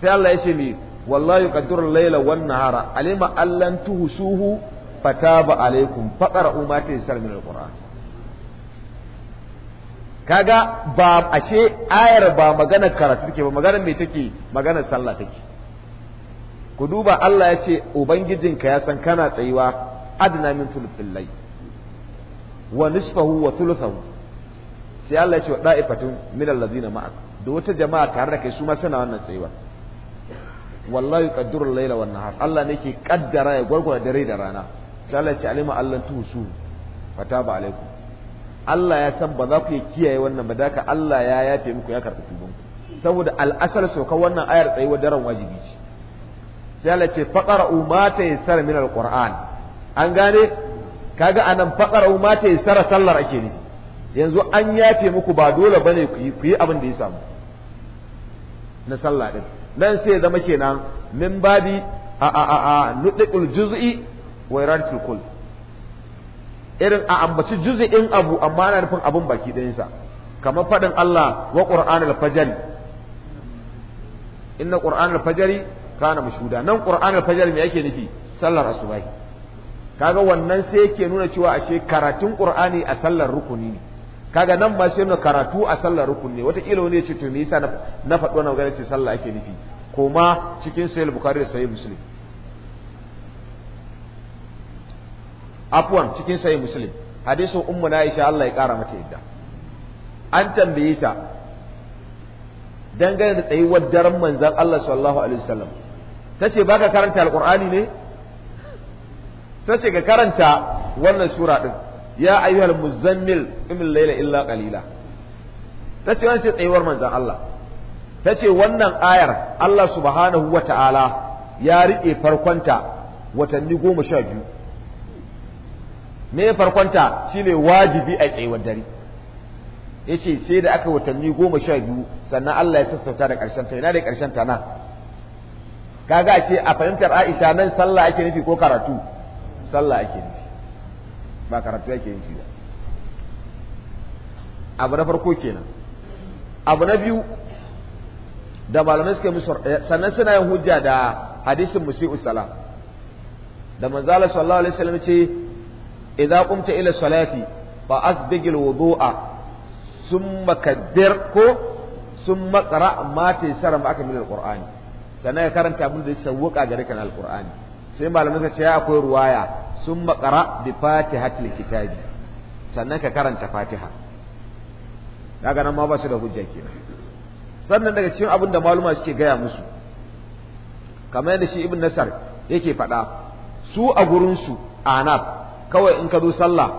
sai Allah ya ni wallahi yuqaddiru al-layla wan nahara alima allan tuhsuhu fataba alaikum faqra'u ma tayassara min al-qur'an kaga ba ashe ayar ba magana karatu take ba magana me take magana sallah take ku duba Allah ya ce ubangijinka ya san kana tsayuwa adna min thuluthil layl wa nisfahu wa thuluthahu sai Allah ya ce wa da'ifatun min allazina ma'ak da wata jama'a tare da kai su ma suna wannan tsayuwa wallahi yuqaddiru al-layla wan nahar Allah ne ke kaddara ya gwargwara dare da rana sai Allah ya ce alima allan Fata fataba alaikum Allah ya san ba za ku kiyaye wannan ba daka Allah ya yafe muku ya karɓi tuban ku saboda al'asar sauka wannan ayar tsayuwa daren wajibi ce sai Allah ce faqara ma tayassara min al-qur'an an gane kaga anan faɗar umma ta yi sara sallar ake ne yanzu an yafe muku ba dole bane ku yi abin da ya samu na sallah din nan sai ya zama kenan min babi a a a a nudiqul juz'i wa iradatul kull irin a ambaci juz'in abu amma ana nufin abun baki sa. kamar faɗin Allah wa qur'anul fajr inna qur'anul fajr kana mashuda nan qur'anul fajr me yake nufi sallar asubahi kaga wannan sai yake nuna cewa ashe karatun qur'ani a sallar rukuni ne kaga nan ba sai karatu a sallar rukuni ne wataƙila wani ya ce to me yasa na faɗi wannan magana ce sallah ake nufi koma cikin sahih bukhari da sahih muslim afwan cikin sahih muslim hadisin ummu na aisha Allah ya kara mata yadda an tambaye ta dangane da tsayuwar daren manzon Allah sallallahu alaihi wasallam tace baka karanta alqur'ani ne ta ce karanta wannan sura din ya ayyuhal muzammil qum layla illa qalila tace wannan ce tsayuwar manzon Allah ta ce wannan ayar Allah subhanahu wata'ala ya rike farkonta watanni goma sha biyu me farkonta shine wajibi a tsayuwar dare yace sai da aka watanni goma sha biyu sannan Allah ya sassauta da karshen ta ina da karshen ta na kaga a ce a fahimtar Aisha nan sallah ake nufi ko karatu sallah ake nufi ba karatu ake nufi ba abu na farko kenan abu na biyu da malamai suka musu sannan suna yin hujja da hadisin musi'u salam da manzala sallallahu alaihi wasallam ce idza qumta ila salati fa asbigil wudu'a summa kabbir ko summa qra ma taysara ma aka min alqur'ani sannan ya karanta abin da ya sawwaka gare kan alqur'ani sai malamai ka ce ya akwai ruwaya sun makara bi fatihatul kitabi sannan ka karanta fatiha daga nan ma ba su da hujja kenan sannan daga cikin abin da maluma suke gaya musu kamar yadda shi ibn nasar yake faɗa su a gurinsu anab kawai in ka zo sallah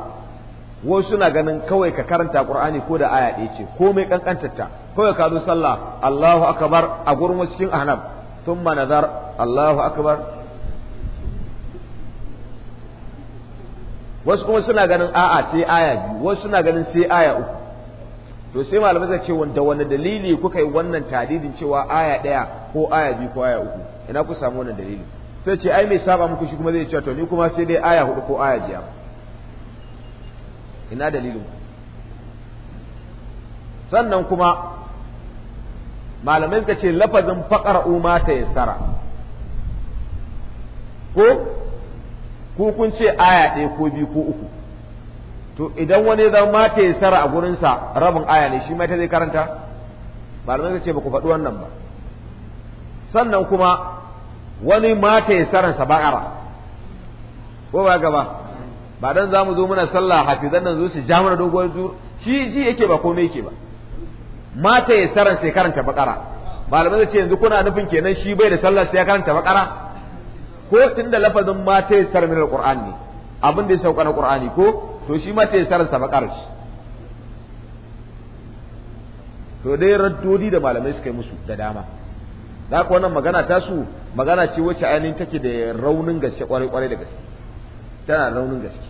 wasu suna ganin kawai ka karanta qur'ani ko da aya ɗaya ce komai kankantarta kawai ka zo sallah Allahu akbar a gurin wasu cikin ahnab thumma nazar Allahu akbar wasu kuma suna ganin a'a sai aya biyu wasu suna ganin sai aya uku to sai malamai zai ce wanda wani dalili kuka yi wannan tadidin cewa aya ɗaya ko aya biyu ko aya uku ina ku samu wannan dalili sai ce ai mai saba muku shi kuma zai ce to ni kuma sai dai aya hudu ko aya biyar ina dalilin ku sannan kuma malamai suka ce lafazin faƙar umma ta yassara ko Ko kun ce aya ɗaya ko biyu ko uku to idan wani zan mata ya sara a gurinsa rabin aya ne shi mata ta zai karanta malamai ta ce ba ku faɗi wannan ba sannan kuma wani mata ya sara sa baƙara ko ba gaba ba dan za mu zo muna sallah hafizan nan zo su ja mana dogon zur shi ji yake ba komai yake ba Mata ya sara sai ya karanta baƙara Malamin zai ce yanzu kuna nufin kenan shi bai da sallah sai ya karanta baƙara ko tunda lafazin ma ta yassara min alquran ne abin da ya sauka na qur'ani ko to shi ma ta yassara sa bakar shi to dai raddodi da malamai suka yi musu da dama da haka wannan magana ta su magana ce wacce ainihin take da raunin gaske kwarai kwarai da gaske tana raunin gaske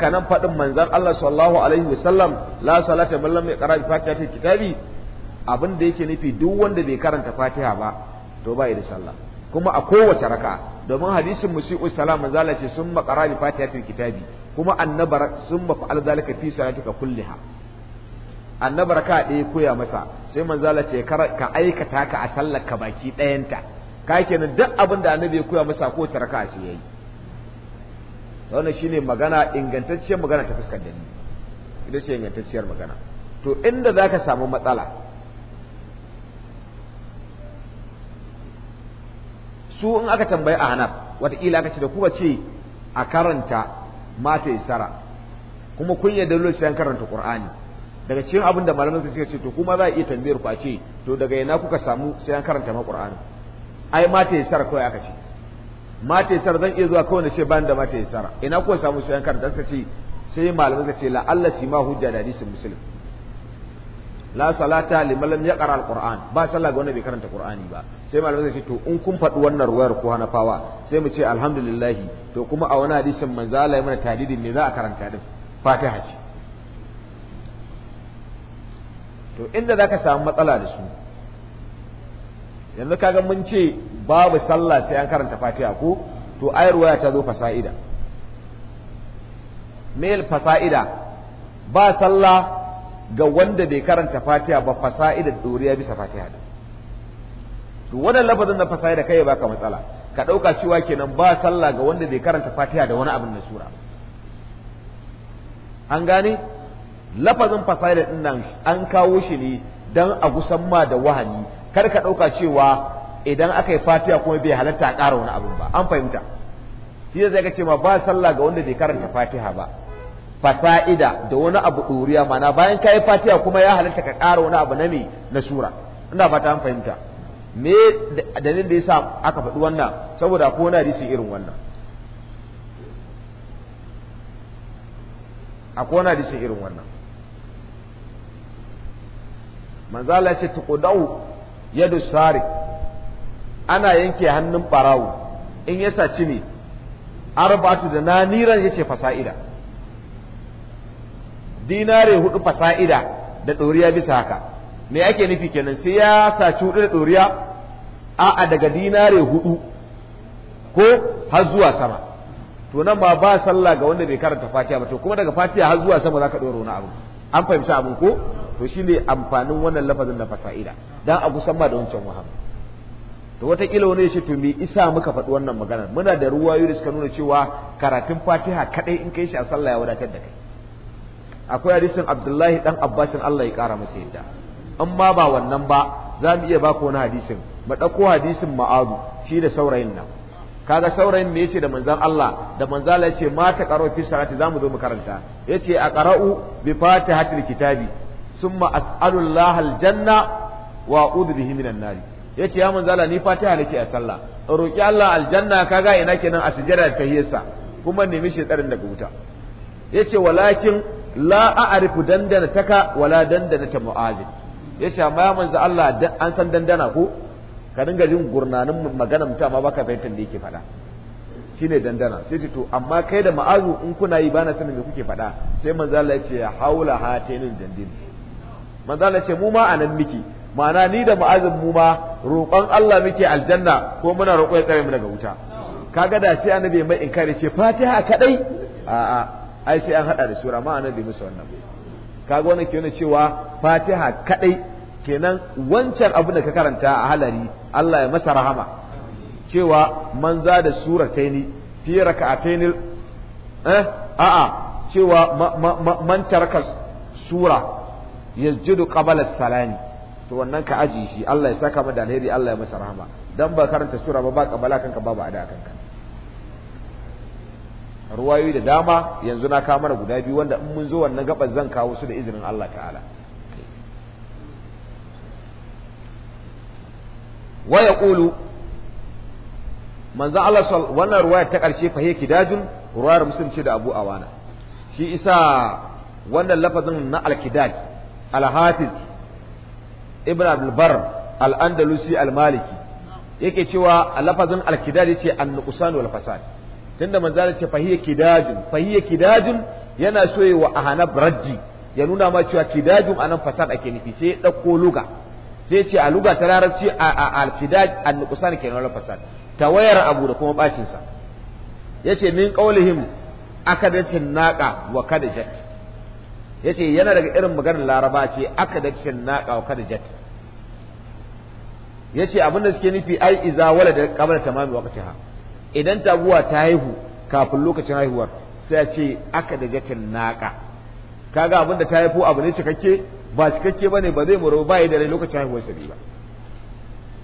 ka nan faɗin manzan Allah sallallahu alaihi wasallam la salata man lam yaqra bi fatihatil kitabi abin da yake nufi duk wanda bai karanta fatiha ba to bai da sallah kuma a kowace raka domin hadisin musi'u salam manzala ce sun makara bi fatihatul kitabi kuma annabar sun mafa alzalika fi salatika kulliha annabar ka ɗaya koya masa sai manzala ce ka aikata ka a sallar ka baki ɗayanta ka kenan duk abin da annabi ya koya masa ko ta raka sai yayi wannan shine magana ingantacciyar magana ta fuskar da ni ita ce ingantacciyar magana to inda zaka samu matsala su in aka tambayi a hanaf wataƙila aka ce da kuka ce a karanta mata isara kuma kun yadda lullu sai an karanta qur'ani daga cikin abin da malaman suka ce to kuma za a iya tambayar ku a ce to daga ina kuka samu sai an karanta ma qur'ani ai mata isara kawai aka ce mata isara zan iya zuwa kawai na ce ban da mata isara ina kuka samu sai an karanta suka ce sai malamin suka ce la Allah ma hujja da hadisin muslim la salata liman lam yaqra alquran ba sallah ga wanda bai karanta qur'ani ba sai malamai zai ce to in kun faɗi wannan ruwayar ko hanafawa sai mu ce alhamdulillah to kuma a wani hadisin manzo Allah ya mana tadidi ne za a karanta din fatiha ce to inda zaka samu matsala da su yanzu kaga mun ce babu sallah sai an karanta fatiha ko to ayar ruwaya ta zo fasa'ida mail fasa'ida ba sallah ga wanda bai karanta fatiha ba fasa'idar doriya bisa fatiha da to wannan lafazin na fasa'ida kai baka matsala ka dauka cewa kenan ba sallah ga wanda bai karanta fatiha da wani abin na sura an gane lafazin fasa'ida din nan an kawo shi ne dan a gusan ma da wahani kar ka dauka cewa idan aka yi fatiha kuma bai halatta a ƙara wani abin ba an fahimta shi zai ka ce ma ba sallah ga wanda bai karanta fatiha ba fasa'ida da wani abu ɗoriya mana bayan ka yi fatiha kuma ya halatta ka ƙara wani abu na me na sura ina fata an fahimta me dalilin da yasa aka faɗi wannan saboda ko na risi irin wannan akwai na risi irin wannan manzo Allah ya ce tuqdau yadu sari ana yanke hannun barawo in ya saci ne arbatu da naniran yace fasa'ida dinare hudu fasa'ida da ɗoriya bisa haka me ake nufi kenan sai ya saci hudu da ɗoriya a'a daga dinare hudu ko har zuwa sama to nan ba ba sallah ga wanda bai karanta fatiha ba to kuma daga fatiha har zuwa sama zaka ɗora wani abu an fahimci abin ko to shine amfanin wannan lafazin na fasa'ida dan a kusan ba da wancan wahamu to kila wani ya ce to me isa muka faɗi wannan magana muna da ruwayoyi da suka nuna cewa karatun fatiha kadai in kai shi a sallah ya wadatar da kai akwai hadisin Abdullahi dan Abbasin Allah ya kara masa yadda in ma ba wannan ba za mu iya baku wani hadisin mu ɗauko hadisin ma'adu shi da saurayin nan kaga saurayin me yace da manzon Allah da manzon Allah yace ma ta qaro fi salati mu zo mu karanta yace a qara'u bi fatihatil kitabi summa as'alu Allah aljanna wa a'udhu bihi minan nari yace ya manzala ni fatiha nake a sallah in roki Allah aljanna kaga ina kenan a sujjada da hiyarsa kuma nemi shi tsarin daga wuta yace walakin la a'rifu dandana taka wala dandana ta mu'azin yace amma ya manzo Allah an san dandana ko ka dinga jin gurnanin maganar ta ma baka fahimtar da yake faɗa shine dandana sai ce to amma kai da ma'azu in kuna yi bana sanin me kuke faɗa sai manzo Allah yace ya haula hatainin jandin manzo Allah yace mu ma anan miki ma'ana ni da ma'azin mu ma roƙon Allah muke aljanna ko muna roƙo ya tsare mu daga wuta kaga da sai annabi mai inkari ce fatiha kadai a'a ai sai an hada da sura ma anan bai musu wannan kaga wannan ke cewa fatiha kadai kenan wancan abin da ka karanta a halari Allah ya masa rahama cewa manza da sura taini fi raka'ataini eh a'a cewa man taraka sura yasjudu qabala salani to wannan ka aji shi Allah ya saka mu da alheri Allah ya masa rahama dan ba karanta sura ba ba kabala kanka ba ada kanka ruwayoyi da dama yanzu na kawo da guda biyu wanda in mun zo wannan gabar zan kawo su da izinin Allah ta'ala wa kulu manzan Allah sal wannan ruwaya ta ƙarshe fahe kidajin ruwayar musulunci da Abu Awana shi isa wannan lafazin na alkidaj kidaj ibn al-andalusi al-maliki yake cewa a lafazin alkidaj ce yace an-nuqsan wal fasad tunda manzala ce fahiya kidajun fahiya kidajun yana soye wa ahanab raddi ya nuna ma cewa kidajun anan fasad ake nufi sai dauko luga sai ce a luga ta larabci a al-kidaj an-nuqsan ke nuna fasad tawayar abu da kuma bacin sa yace min qaulihim akadatin naqa wa kadajat yace yana daga irin maganar laraba ce akadatin naqa wa kadajat yace abinda suke nufi ai iza wala da qabla tamami waqtiha idan taguwa ta haihu kafin lokacin haihuwar sai ce aka da jatin naka kaga abin ta haifo abu ne cikakke ba cikakke ba ne ba zai muru ba yi da rai lokacin haihuwar sabi ba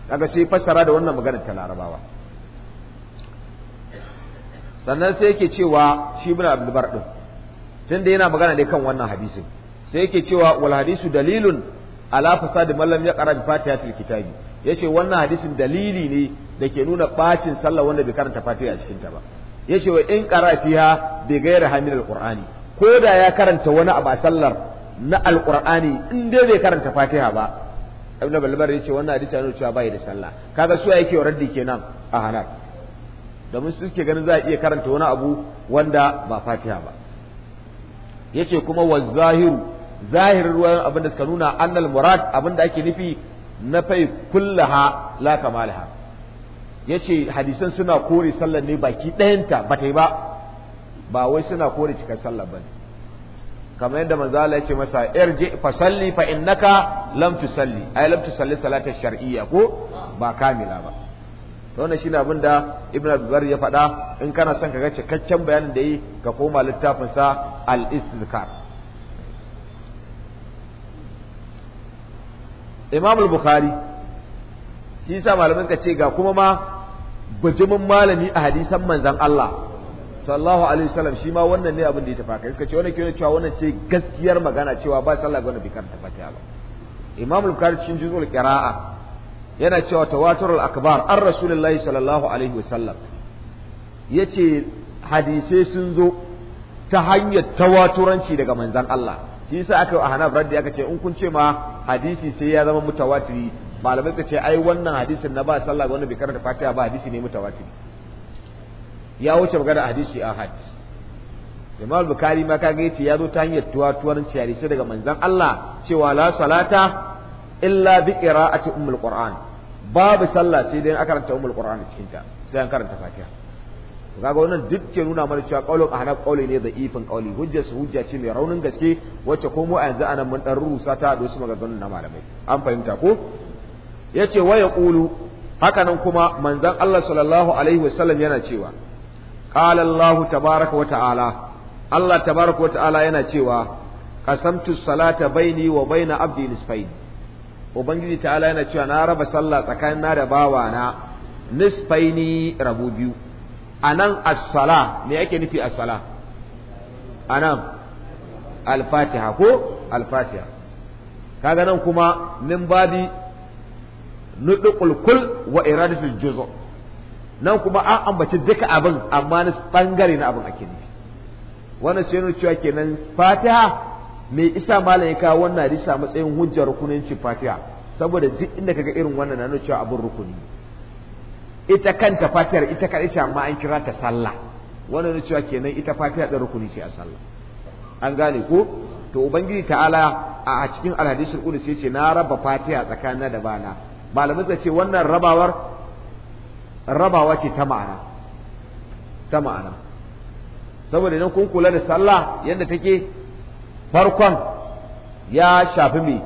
Daga sai fassara da wannan maganar ta larabawa sannan sai yake cewa shi ibn abdul bar tun da yana magana ne kan wannan hadisin sai yake cewa wal hadisu dalilun ala da man lam yaqra bi fatihatil kitabi yace wannan hadisin dalili ne da ke nuna bacin sallah wanda bai karanta fatiha a cikinta ba ya ce wa in qara fiha bi ghairi hamil alqur'ani ko da ya karanta wani abu a sallar na alqur'ani in dai bai karanta fatiha ba ibn balbar ya ce wannan hadisi yana cewa bai da sallah kaga su yake raddi kenan a halal domin su suke ganin za a iya karanta wani abu wanda ba fatiha ba yace kuma wa zahiru zahirin ruwan abin da suka nuna annal murad abin da ake nufi na fai kullaha la kamalaha ya ce hadisan suna kore sallar ne baki ɗayanta ba ta yi ba ba wai suna kore cikar sallar ba ne kamar yadda manzala ya ce masa yarje fa salli fa innaka lam tusalli ai lam tusalli salatar shar'iyya ko ba kamila ba wannan shine abin da ibn abdullah ya faɗa in kana son ka ga cikakken bayanin da yi ka koma littafin sa al-istizkar Imamul al-bukhari shi yasa malamin ka ce ga kuma ma bujumin malami a hadisan manzan Allah sallallahu alaihi wasallam shi ma wannan ne abin da ya tafa kai suka ce wannan ke cewa wannan ce gaskiyar magana cewa ba sallah ga wannan bai karanta fatiha ba imam al-bukhari cikin juzul qira'a yana cewa tawatur al-akbar an rasulullahi sallallahu alaihi wasallam yace hadisai sun zo ta hanyar tawaturanci daga manzon Allah shi yasa aka a Hanaf raddi aka ce in kun ce ma hadisi sai ya zama mutawatiri malamai ka ce ai wannan hadisin na ba sallah wanda bai karanta fatiha ba hadisi ne mutawatir ya wuce magana hadisi ahad Imam Bukhari ma kaga yace ya zo ta hanyar tuwatuwar ciyari sai daga manzon Allah cewa la salata illa bi qira'ati ummul qur'an babu sallah sai dai aka karanta ummul qur'an cikin ta sai an karanta fatiha to kaga wannan duk ke nuna mana cewa qaulul ahnaf qauli ne da ifin qauli hujja su hujja ce mai raunin gaske wacce ko mu a yanzu anan mun dan rusa ta da su maganganun na malamai an fahimta ko yace wa ƙulu hakanan kuma manzon Allah sallallahu alaihi wasallam yana cewa qala Allah tabaraka wa ta'ala Allah tabaraka wa ta'ala yana cewa qasamtu salata baini wa baina abdi nisfain ubangiji ta'ala yana cewa na raba sallah tsakanin na da bawa na. nisfaini rabu biyu anan as-sala me yake nufi as-sala anan al-fatiha ko al-fatiha kaga nan kuma min babi nuɗuƙul kul wa iradatul juzu nan kuma an ambaci duka abin amma na bangare na abin ake nufi wannan sai nuna cewa kenan fatiha mai isa malam ya kawo wannan hadisi a matsayin hujjar rukunancin fatiha saboda duk inda kaga irin wannan na nuna cewa abin rukuni ita kanta fatihar ita kaɗai ce amma an kira ta sallah wannan nuna cewa kenan ita fatiha da rukuni ce a sallah an gane ko to ubangiji ta'ala a cikin alhadisul qudsi yace na raba fatiha tsakanin da bana malamin ce wannan rabawar rabawa ce ta ma'ana ta ma'ana saboda idan kun kula da sallah yadda take farkon ya shafi mai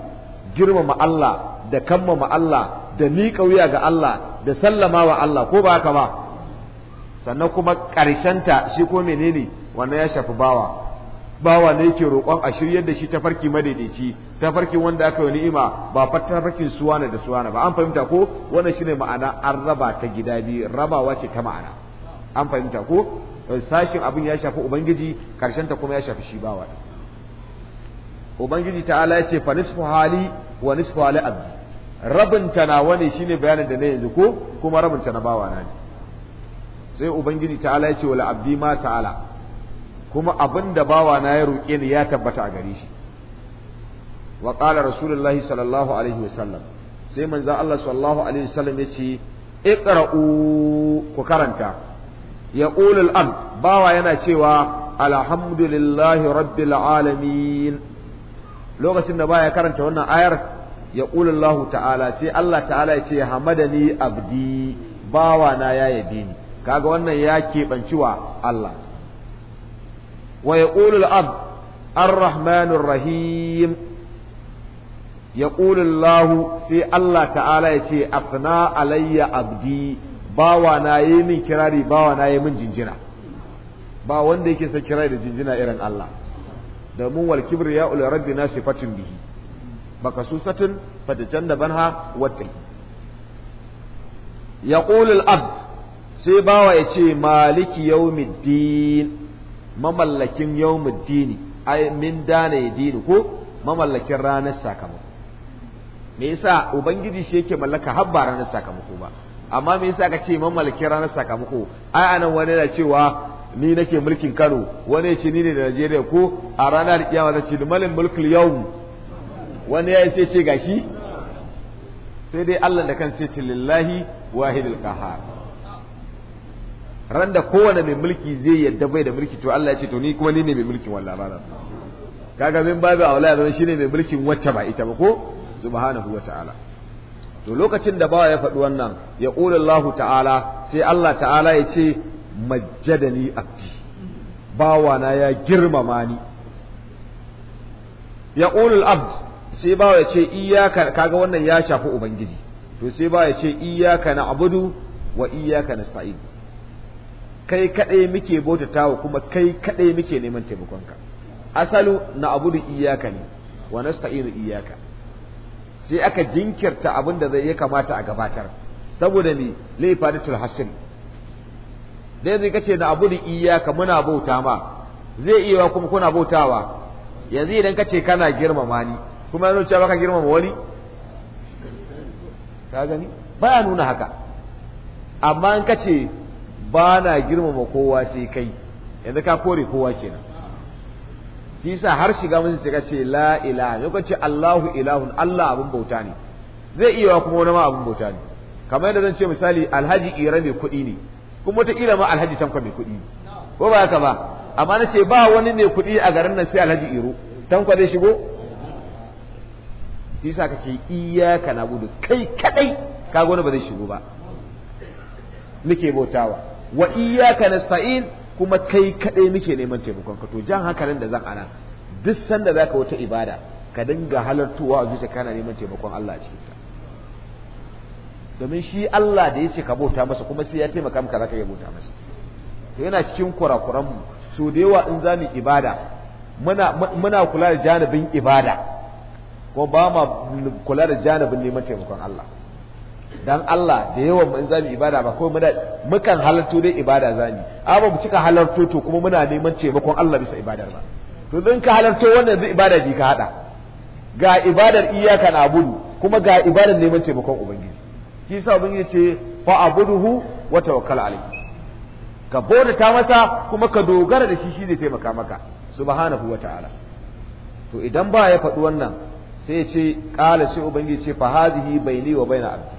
girmama Allah da kammama Allah da miƙa wuya ga Allah da sallama wa Allah ko ba haka ba sannan kuma ta shi ko menene wannan ya shafi bawa bawa ne yake roƙon a shiryar da shi tafarki madaidaici farki wanda aka yi ni'ima ba fa suwa suwana da suwana ba an fahimta ko wannan shine ma'ana an raba ta gida biyu rabawa ce ta ma'ana an fahimta ko sashin abin ya shafi ubangiji karshen ta kuma ya shafi shi bawa ubangiji ta'ala ya ce fa nisfu hali wa nisfu hali abdi rabin ta nawa ne shine bayanin da ne yanzu ko kuma rabin ta na bawa na ne sai ubangiji ta'ala ya ce wala abdi ma ta'ala kuma abin da bawa na ya roƙe ni ya tabbata a gare shi wa qala rasulullahi sallallahu alaihi sallam, sai manzo Allah sallallahu alaihi wasallam yace iqra'u ku karanta ya ulul am bawa yana cewa alhamdulillahi rabbil alamin lokacin da baya karanta wannan ayar ya ulullahu ta'ala sai Allah ta'ala ya ce hamadani abdi bawa na ya yabe ni kaga wannan ya keɓanciwa Allah ويقول الأب الرحمن الرحيم يقول الله سي الله تعالى يتي أثنى علي أبدي باوا نايمي كراري باوا نايمي جنجنة ba wanda yake sa kirai da jinjina irin Allah domin wal kibriya ul rabbina sifatun bihi baka susatun fatajan da banha wata yaqulu al abd sai bawa yace maliki yawmiddin mamallakin yawmuddini ay min dana yadini ko mamallakin ranar sakamako me yasa ubangiji shi yake mallaka har ba ranar sakamako ba amma me yasa aka ce mamallakin ranar sakamako ai anan wani yana cewa ni nake mulkin Kano wani yace ni ne da Najeriya ko a ranar kiyama zace ce malin mulkul yawm wani ya sai ce gashi sai dai Allah da kan ce lillahi wahidul qahar ran da kowane mai mulki zai yadda bai da mulki to Allah ya ce to ni kuma ni ne mai mulkin wannan ranar kaga min babu aula shi shine mai mulkin wacce ba ita ba ko subhanahu wataala to lokacin da bawa ya faɗi wannan ya qulu Allah ta'ala sai Allah ta'ala ya ce majjadani abdi bawa na ya girmama ni ya qulu abd sai bawa ya ce iyyaka kaga wannan ya shafi ubangiji to sai bawa ya ce iyyaka abudu, wa iyyaka nasta'in kai kaɗai muke wa kuma kai kaɗai muke neman taimakonka asalu na abu da iyaka ne wa nasta'inu iyaka sai aka jinkirta abin da zai ya kamata a gabatar saboda lai fadatul hasil dai zai kace na abu da iyaka muna bauta ma zai iya kuma kuna bautawa yanzu idan kace kana girmama ni kuma yanzu cewa baka girmama wani ka gani baya nuna haka amma in kace ba na girmama kowa sai kai yanzu ka kore kowa kenan shi yasa har shiga mun ce ce la ilaha yau ce Allahu ilahun Allah abun bauta ne zai iya kuma wani ma abun bauta ne kamar yadda zan ce misali alhaji ira mai kuɗi ne kuma ta kila ma alhaji tanko mai kuɗi ne ko ba haka ba amma na ce ba wani mai kuɗi a garin nan sai alhaji iro tanko zai shigo shi yasa ka ce na gudu kai kadai kaga wani ba zai shigo ba muke bautawa wa iyyaka nasta'in kuma kai kadai muke neman taimakon ka to jan hakanan da zan ana duk sanda zaka wata ibada ka dinga halartowa a zuciya kana neman taimakon Allah a cikin ka domin shi Allah da yace ka bauta masa kuma sai ya taimaka maka zaka yi bauta masa to yana cikin kurakuran mu so da yawa in zamu ibada muna muna kula da janibin ibada ko ba ma kula da janibin neman taimakon Allah dan Allah da yawan mun zamu ibada ba kawai muna mukan halarto dai ibada zani amma mu cika halarto to kuma muna neman taimakon Allah bisa ibadar ba to din ka halarto wannan zai ibada bi ka hada ga ibadar iyyaka na'budu kuma ga ibadar neman taimakon ubangiji shi yasa ubangiji ce fa abuduhu wa tawakkal alayhi ka boda ta masa kuma ka dogara da shi shi zai taimaka maka subhanahu wa ta'ala to idan ba ya faɗi wannan sai ya ce ƙala ce ubangiji ce fa hadhihi baini wa baina abdi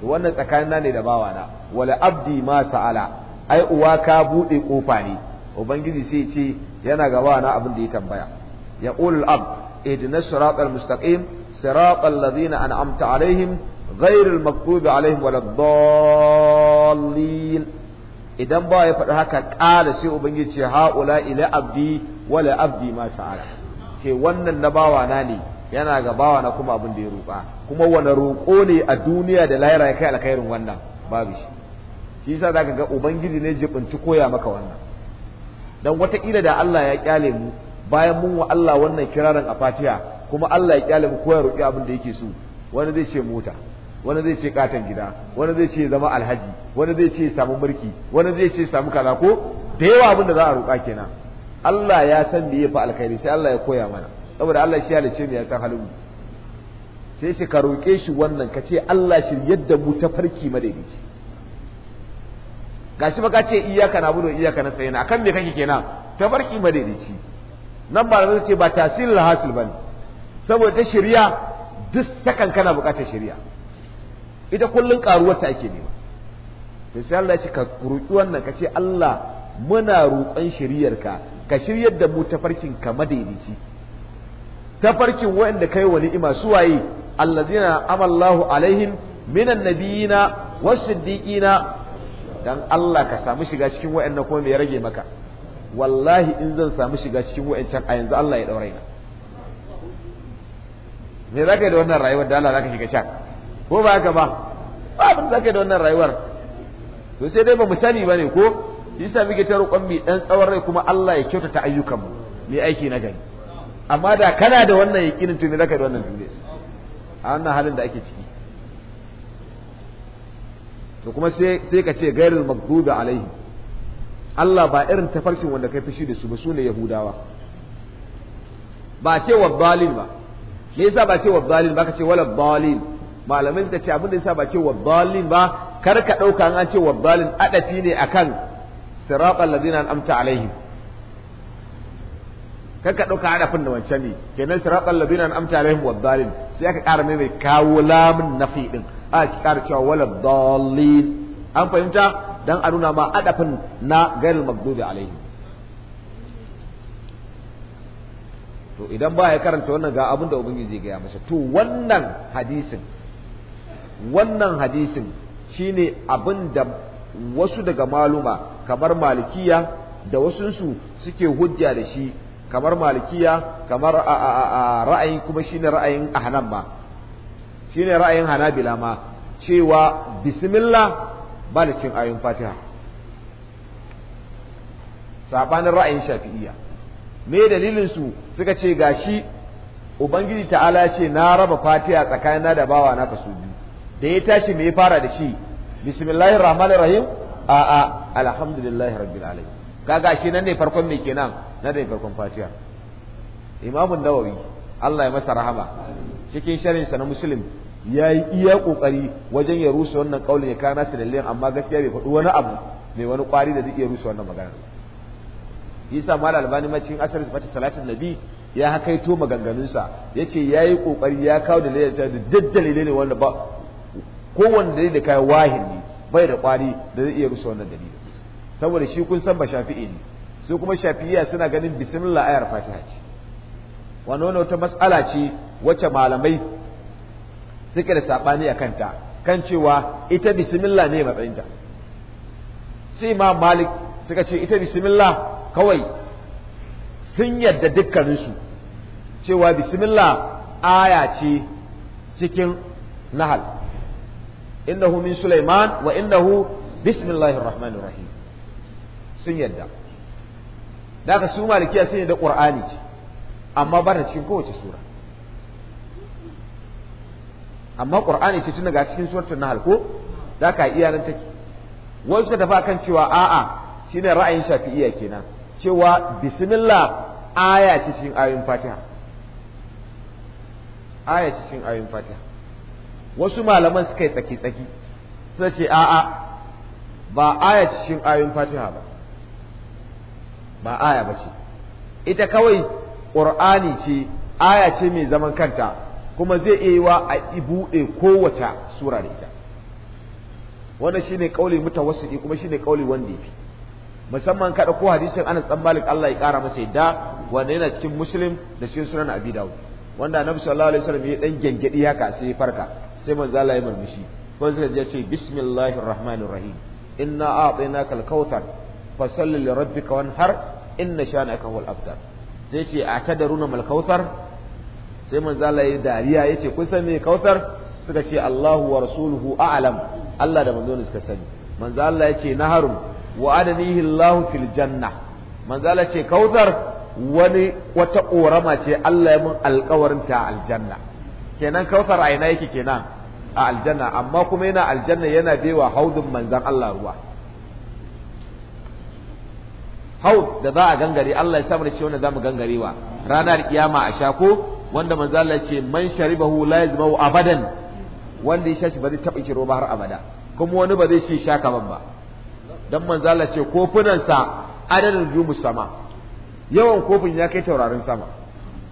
to wannan tsakanina ne da bawana wala abdi ma sa'ala ai uwa ka bude kofa ne ubangiji sai ce yana ga bawana abin da ya tambaya ya qulul ab ihdina siratal mustaqim siratal ladzina an'amta alaihim ghairil maghdubi alaihim waladdallin idan ba ya faɗi haka ƙara sai ubangiji ce haula ila abdi wala abdi ma sa'ala ce wannan na bawana ne yana ga bawana kuma abin da ya ruƙa. kuma wani roƙo ne a duniya da lahira ya kai alkhairin wannan babu shi shi yasa zaka ga ubangiji ne jibinci koya maka wannan dan wataƙila da Allah ya kyale mu bayan mun wa Allah wannan kirarin a Fatiha kuma Allah ya kyale mu koya roƙi abin da yake so wani zai ce mota wani zai ce katon gida wani zai ce zama alhaji wani zai ce samu mulki wani zai ce samu kaza ko da yawa abin da za a roƙa kenan Allah ya san me ya fi alkhairi sai Allah ya koya mana saboda Allah shi halicce mu ya san halin mu sai shi ka roƙe shi wannan ka ce Allah shi yadda mu ta farki madaidaici gashi ba ka ce iyaka na budo iyaka na a akan me kake kenan ta farki madaidaici nan ba zai ce ba tasirin hasil bane saboda ta shirya duk sakan kana buƙatar shirya ita kullum karuwar ta ake nema to sai Allah ya ka roƙi wannan ka ce Allah muna roƙon shiryarka ka shiryar da mu ta farkin ka madaidaici tafarkin wa'anda kai wa ni'ima su waye allazina amallahu عليهم minan النبيين والصديقين dan Allah ka samu shiga cikin wayannan kuma me ya rage maka wallahi in zan samu shiga cikin wayancan a yanzu Allah ya daure ni me ka yi da wannan rayuwar da Allah zaka shiga can ko ba haka ba ba abin ka yi da wannan rayuwar to sai dai ba mu sani bane ko sa muke ta roƙon mi dan tsawon rai kuma Allah ya kyautata ayyukanmu mu aiki na gani? amma da kana da wannan yakinin to me ka yi da wannan duniya a wannan halin da ake ciki to kuma sai ka ce gairul magdubi alaihi Allah ba irin tafarkin wanda kai fushi da su ba sune yahudawa ba ce wa dalil ba me yasa ba ce wa dalil ba ka ce wala dalil malamai suka ce abin da yasa ba ce wa dalil ba kar ka dauka an ce wa dalil adafi ne akan siratal ladina an'amta alaihim ka ɗauka fin da wancan ne kenan siratal ladina amta alaihim dalil sai aka ƙara mai mai kawo lamun nafi a ki ƙara cewa wala dalil an fahimta dan a nuna ma adafin na gairul magdubi alaihim to idan ba ya karanta wannan ga abin da ubangiji zai gaya masa to wannan hadisin wannan hadisin shine abin da wasu daga maluma kamar malikiya da wasunsu suke hujja da shi kamar malikiya kamar ra'ayin kuma shine ra'ayin ahnan shi shine ra'ayin hanabila ma cewa bismillah ba da cin ayin fatiha saɓanin ra'ayin shafi'iyya me dalilin su suka ce gashi ubangiji ta'ala ce na raba fatiha tsakanina da bawa na kasu biyu da ya tashi me ya fara da shi bismillahir rahmanir rahim a'a alhamdulillahi rabbil alamin kaga shi nan ne farkon me kenan nan ne farkon fatiha imamun nawawi Allah ya masa rahama cikin sa na muslim ya yi iya kokari wajen ya rusa wannan kaulin ya kana silallin amma gaskiya bai faɗi wani abu mai wani kwari da zai iya rusa wannan magana yasa mal albani cikin asar sifatu salatin nabi ya hakaito sa yace yayi kokari ya kawo da lalata da daddalile ne wanda ba kowanne dalili da kai wahin ne bai da kwari da zai iya rusa wannan dalili saboda shi kun san ba shafi'i ne su kuma shafi'iya suna ganin bismillah ayar fatiha ce wannan wata matsala ce wacce malamai suke da sabani a kanta kan cewa ita bismillah ne matsayinta sai ma malik suka ce ita bismillah kawai sun yadda dukkaninsu cewa bismillah aya ce cikin nahal innahu min sulaiman wa innahu bismillahir rahmanir rahim sun yarda daga su malikiya sun yarda qur'ani ce amma ba ta cikin kowace sura amma qur'ani ce tun daga cikin suratul nahl ko da ka iya nan take wasu suka tafi kan cewa a'a shine ra'ayin shafi'iyya kenan cewa bismillah aya ce cikin ayoyin fatiha aya ce cikin ayoyin fatiha wasu malaman suka yi tsaki-tsaki suna ce a'a ba aya cikin ayoyin fatiha ba ba aya ba ce ita kawai ƙur'ani ce aya ce mai zaman kanta kuma zai iya yi wa a buɗe kowace sura da ita wannan shine muta wasu kuma shine ƙaule wanda ya fi musamman kaɗa ko hadisin ana dan Malik Allah ya ƙara masa yadda wanda yana cikin Muslim da cikin Sunan Abi dawo wanda Annabi sallallahu alaihi wasallam ya dan gengedi haka sai farka sai manzo Allah ya murmushi ko sai ya ce bismillahir rahmanir rahim inna a'tainaka al-kautsar fasalli li rabbika wanhar inna shanaka wal abtar sai ce a tadaruna mal kautar sai manzo Allah ya dariya yace kun san me kautar suka ce Allahu wa rasuluhu a'lam Allah da manzo ne suka sani manzo Allah yace naharun wa adanihi Allahu fil janna manzo Allah ce kautar wani wata ƙorama ce Allah ya mun alƙawarin ta aljanna kenan kautar a ina yake kenan a aljanna amma kuma yana aljanna yana baiwa haudun manzon Allah ruwa hau da za a gangare Allah ya sa mana cewa za mu gangare wa ranar kiyama a shako wanda manzo Allah ce man sharibahu la yazmau abadan wanda ya shi ba zai taba kiro ba har abada kuma wani ba zai ce sha kaman ba dan manzo Allah ce kofunansa adadin jumu sama yawan kofin ya kai taurarin sama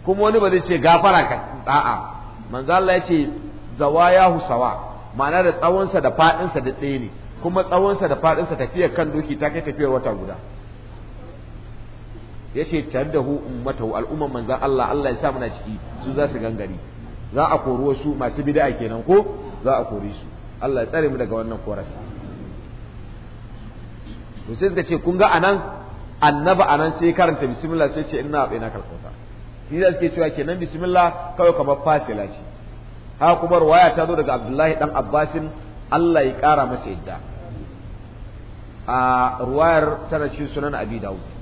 kuma wani ba zai ce gafara ka a'a manzo Allah ya ce zawayahu sawa ma'ana da tsawonsa da sa da tsaye ne kuma tsawonsa da sa tafiyar kan doki ta kai tafiyar wata guda yace tadahu ummatahu al'umman manzan Allah Allah ya sa muna ciki su za su gangari za a kori wasu masu bid'a kenan ko za a kori su Allah ya tsare mu daga wannan koras to sai suka ce kun ga anan annaba anan sai karanta bismillah sai ce inna abaina kalkota shi da suke cewa kenan bismillah kawai kamar fasila ce ha kuma ruwaya ta zo daga Abdullahi dan Abbasin Allah ya kara masa yadda a ruwayar tana cikin sunan Abi Dawud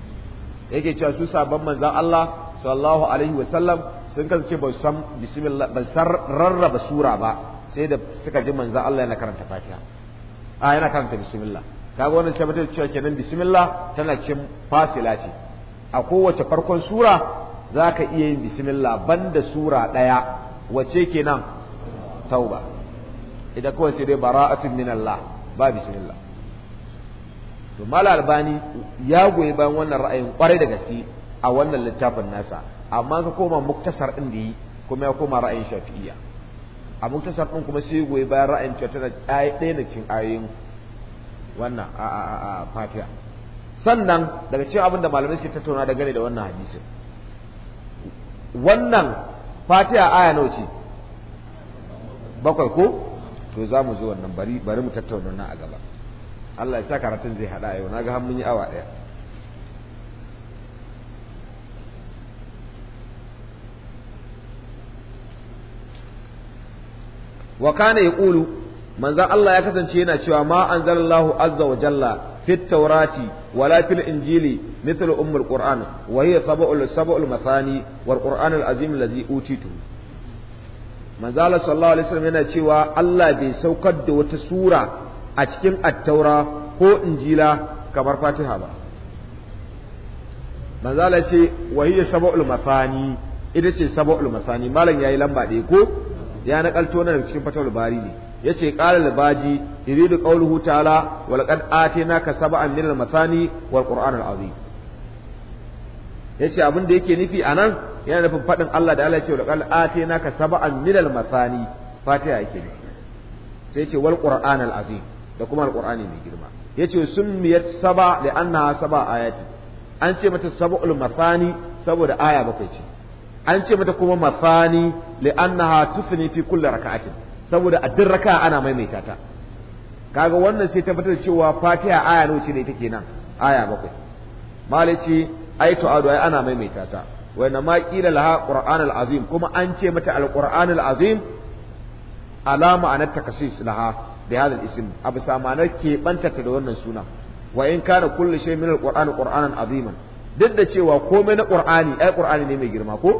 yake cewa su sabon manzan Allah sallallahu alaihi wasallam sun kasance ba san bismillah ba san rarraba sura ba sai da suka ji manzan Allah yana karanta Fatiha a yana karanta bismillah kaga wannan tabbatar cewa kenan bismillah tana cin fasila ce a kowace farkon sura zaka iya yin bismillah banda sura daya wace kenan tauba idan kawai sai dai bara'atun min Allah ba bismillah to mala albani ya goyi bayan wannan ra'ayin kwarai da gaske a wannan littafin nasa amma ka koma muktasar din da yi kuma ya koma ra'ayin shafi'iyya a muktasar din kuma sai goyi bayan ra'ayin cewa tana ɗaya da cikin ayoyin wannan a a a fatiha sannan daga cikin abin da malamai suke tattauna da gane da wannan hadisin wannan fatiha aya nawa ce bakwai ko to za mu zo wannan bari bari mu tattauna nan a gaba Allah ya sa karatun zai hada yau naga har mun yi awa ɗaya. wa kana yaqulu manzon Allah ya kasance yana cewa ma anzalallahu azza wa jalla fi taurati wala fil injili مثل أم القرآن وهي سبع السبع المثاني والقرآن العظيم الذي أوتيته manzala sallallahu alaihi yana cewa Allah bai saukar da wata sura a cikin attaura ko injila kamar fatiha ba manzala ce wa hiya sab'ul masani ita ce sab'ul masani malam yayi lamba ɗaya ko ya nakalto na cikin fatawul bari ne yace qala al-baji yuridu qawluhu ta'ala wa laqad atinaka sab'an min al-masani wal qur'an al-azim yace abin da yake nufi anan yana nufin fadin Allah da Allah ya ce wa laqad atinaka sab'an min al-masani fatiha yake sai yace wal qur'an al-azim da kuma alqur'ani mai girma yace summiyat saba da annaha saba ayati an ce mata sab'ul masani saboda aya bakwai ce an ce mata kuma masani li annaha tusni fi kulli raka'atin saboda a duk raka'a ana maimaita ta kaga wannan sai tabbatar cewa fatiha aya nawa ce ne take nan aya bakwai malici ai to adu ai ana maimaita ta wa inna ma qila laha qur'an al-azim kuma an ce mata al-qur'an al-azim alama anat takasis laha da hadha al-ism abu samanar ke banta da wannan suna wa in kana kullu shay min al-qur'an qur'anan aziman duk da cewa komai na qur'ani ai qur'ani ne mai girma ko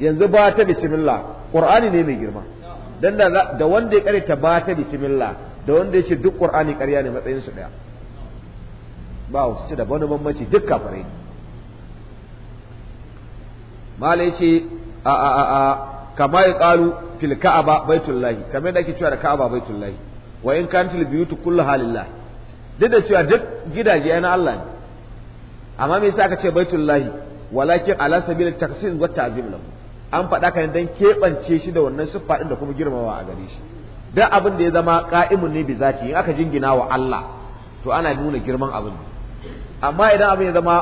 yanzu ba ta bismillah qur'ani ne mai girma dan da da wanda ya karanta ba ta bismillah da wanda ya ce duk qur'ani ƙarya ne matsayin su daya ba su da wani bambanci duk kafare. kafirai malai ce a a a kama ya ƙalu fil ka'aba baitullahi kamar da ake cewa da ka'aba baitullahi wa in kan al kullu kulluha duk da cewa duk gidaje na Allah ne amma me yasa aka ce baitullahi walakin ala sabil taksin wa ta'zim lahu an faɗa kan dan keɓance shi da wannan siffa din da kuma girmamawa a gare shi Dan abin da ya zama qa'imun ne bi zati in aka jingina wa Allah to ana nuna girman abin amma idan abin ya zama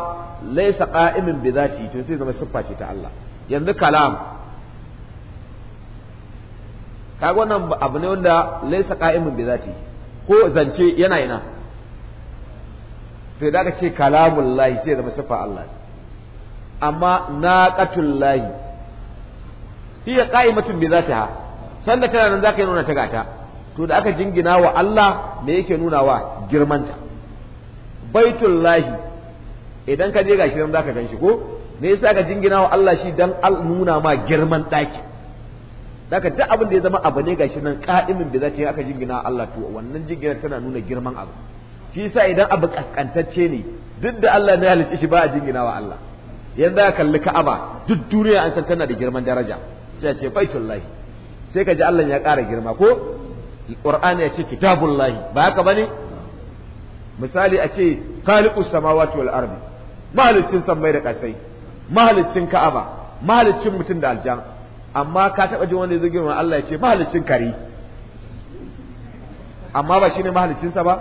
laisa qa'imun bi zati to sai zama siffa ce ta Allah yanzu kalam kaga wannan abu ne wanda laisa qa'imun bi zati ko zance yana ina to da ka ce kalamul lahi sai zama sifa Allah amma naqatul lahi hiya qa'imatun bi zatiha sanda tana nan zaka yi nuna ta gata to da aka jingina wa Allah me yake nuna wa girmanta baitul lahi idan ka je gashi nan zaka ganshi ko me yasa ka jingina wa Allah shi dan nuna ma girman ɗakin daga duk abin da ya zama abu ne gashi nan ka'imin da zai yi aka jingina Allah to wannan jingina tana nuna girman abu shi yasa idan abu kaskantacce ne duk da Allah ne halicci shi ba a jingina wa Allah yanzu ka kalli Ka'aba duk duniya an san tana da girman daraja sai a ce baitullahi sai ka ji Allah ya ƙara girma ko Qur'ani ya ce kitabullahi ba haka bane misali a ce khaliqus samawati wal ardi mahalicin sammai da kasai mahalicin Ka'aba mahalicin mutum da aljanna amma ka taɓa jin wanda ya zo girman Allah ya ce mahalicin kare amma ba shine mahalicinsa ba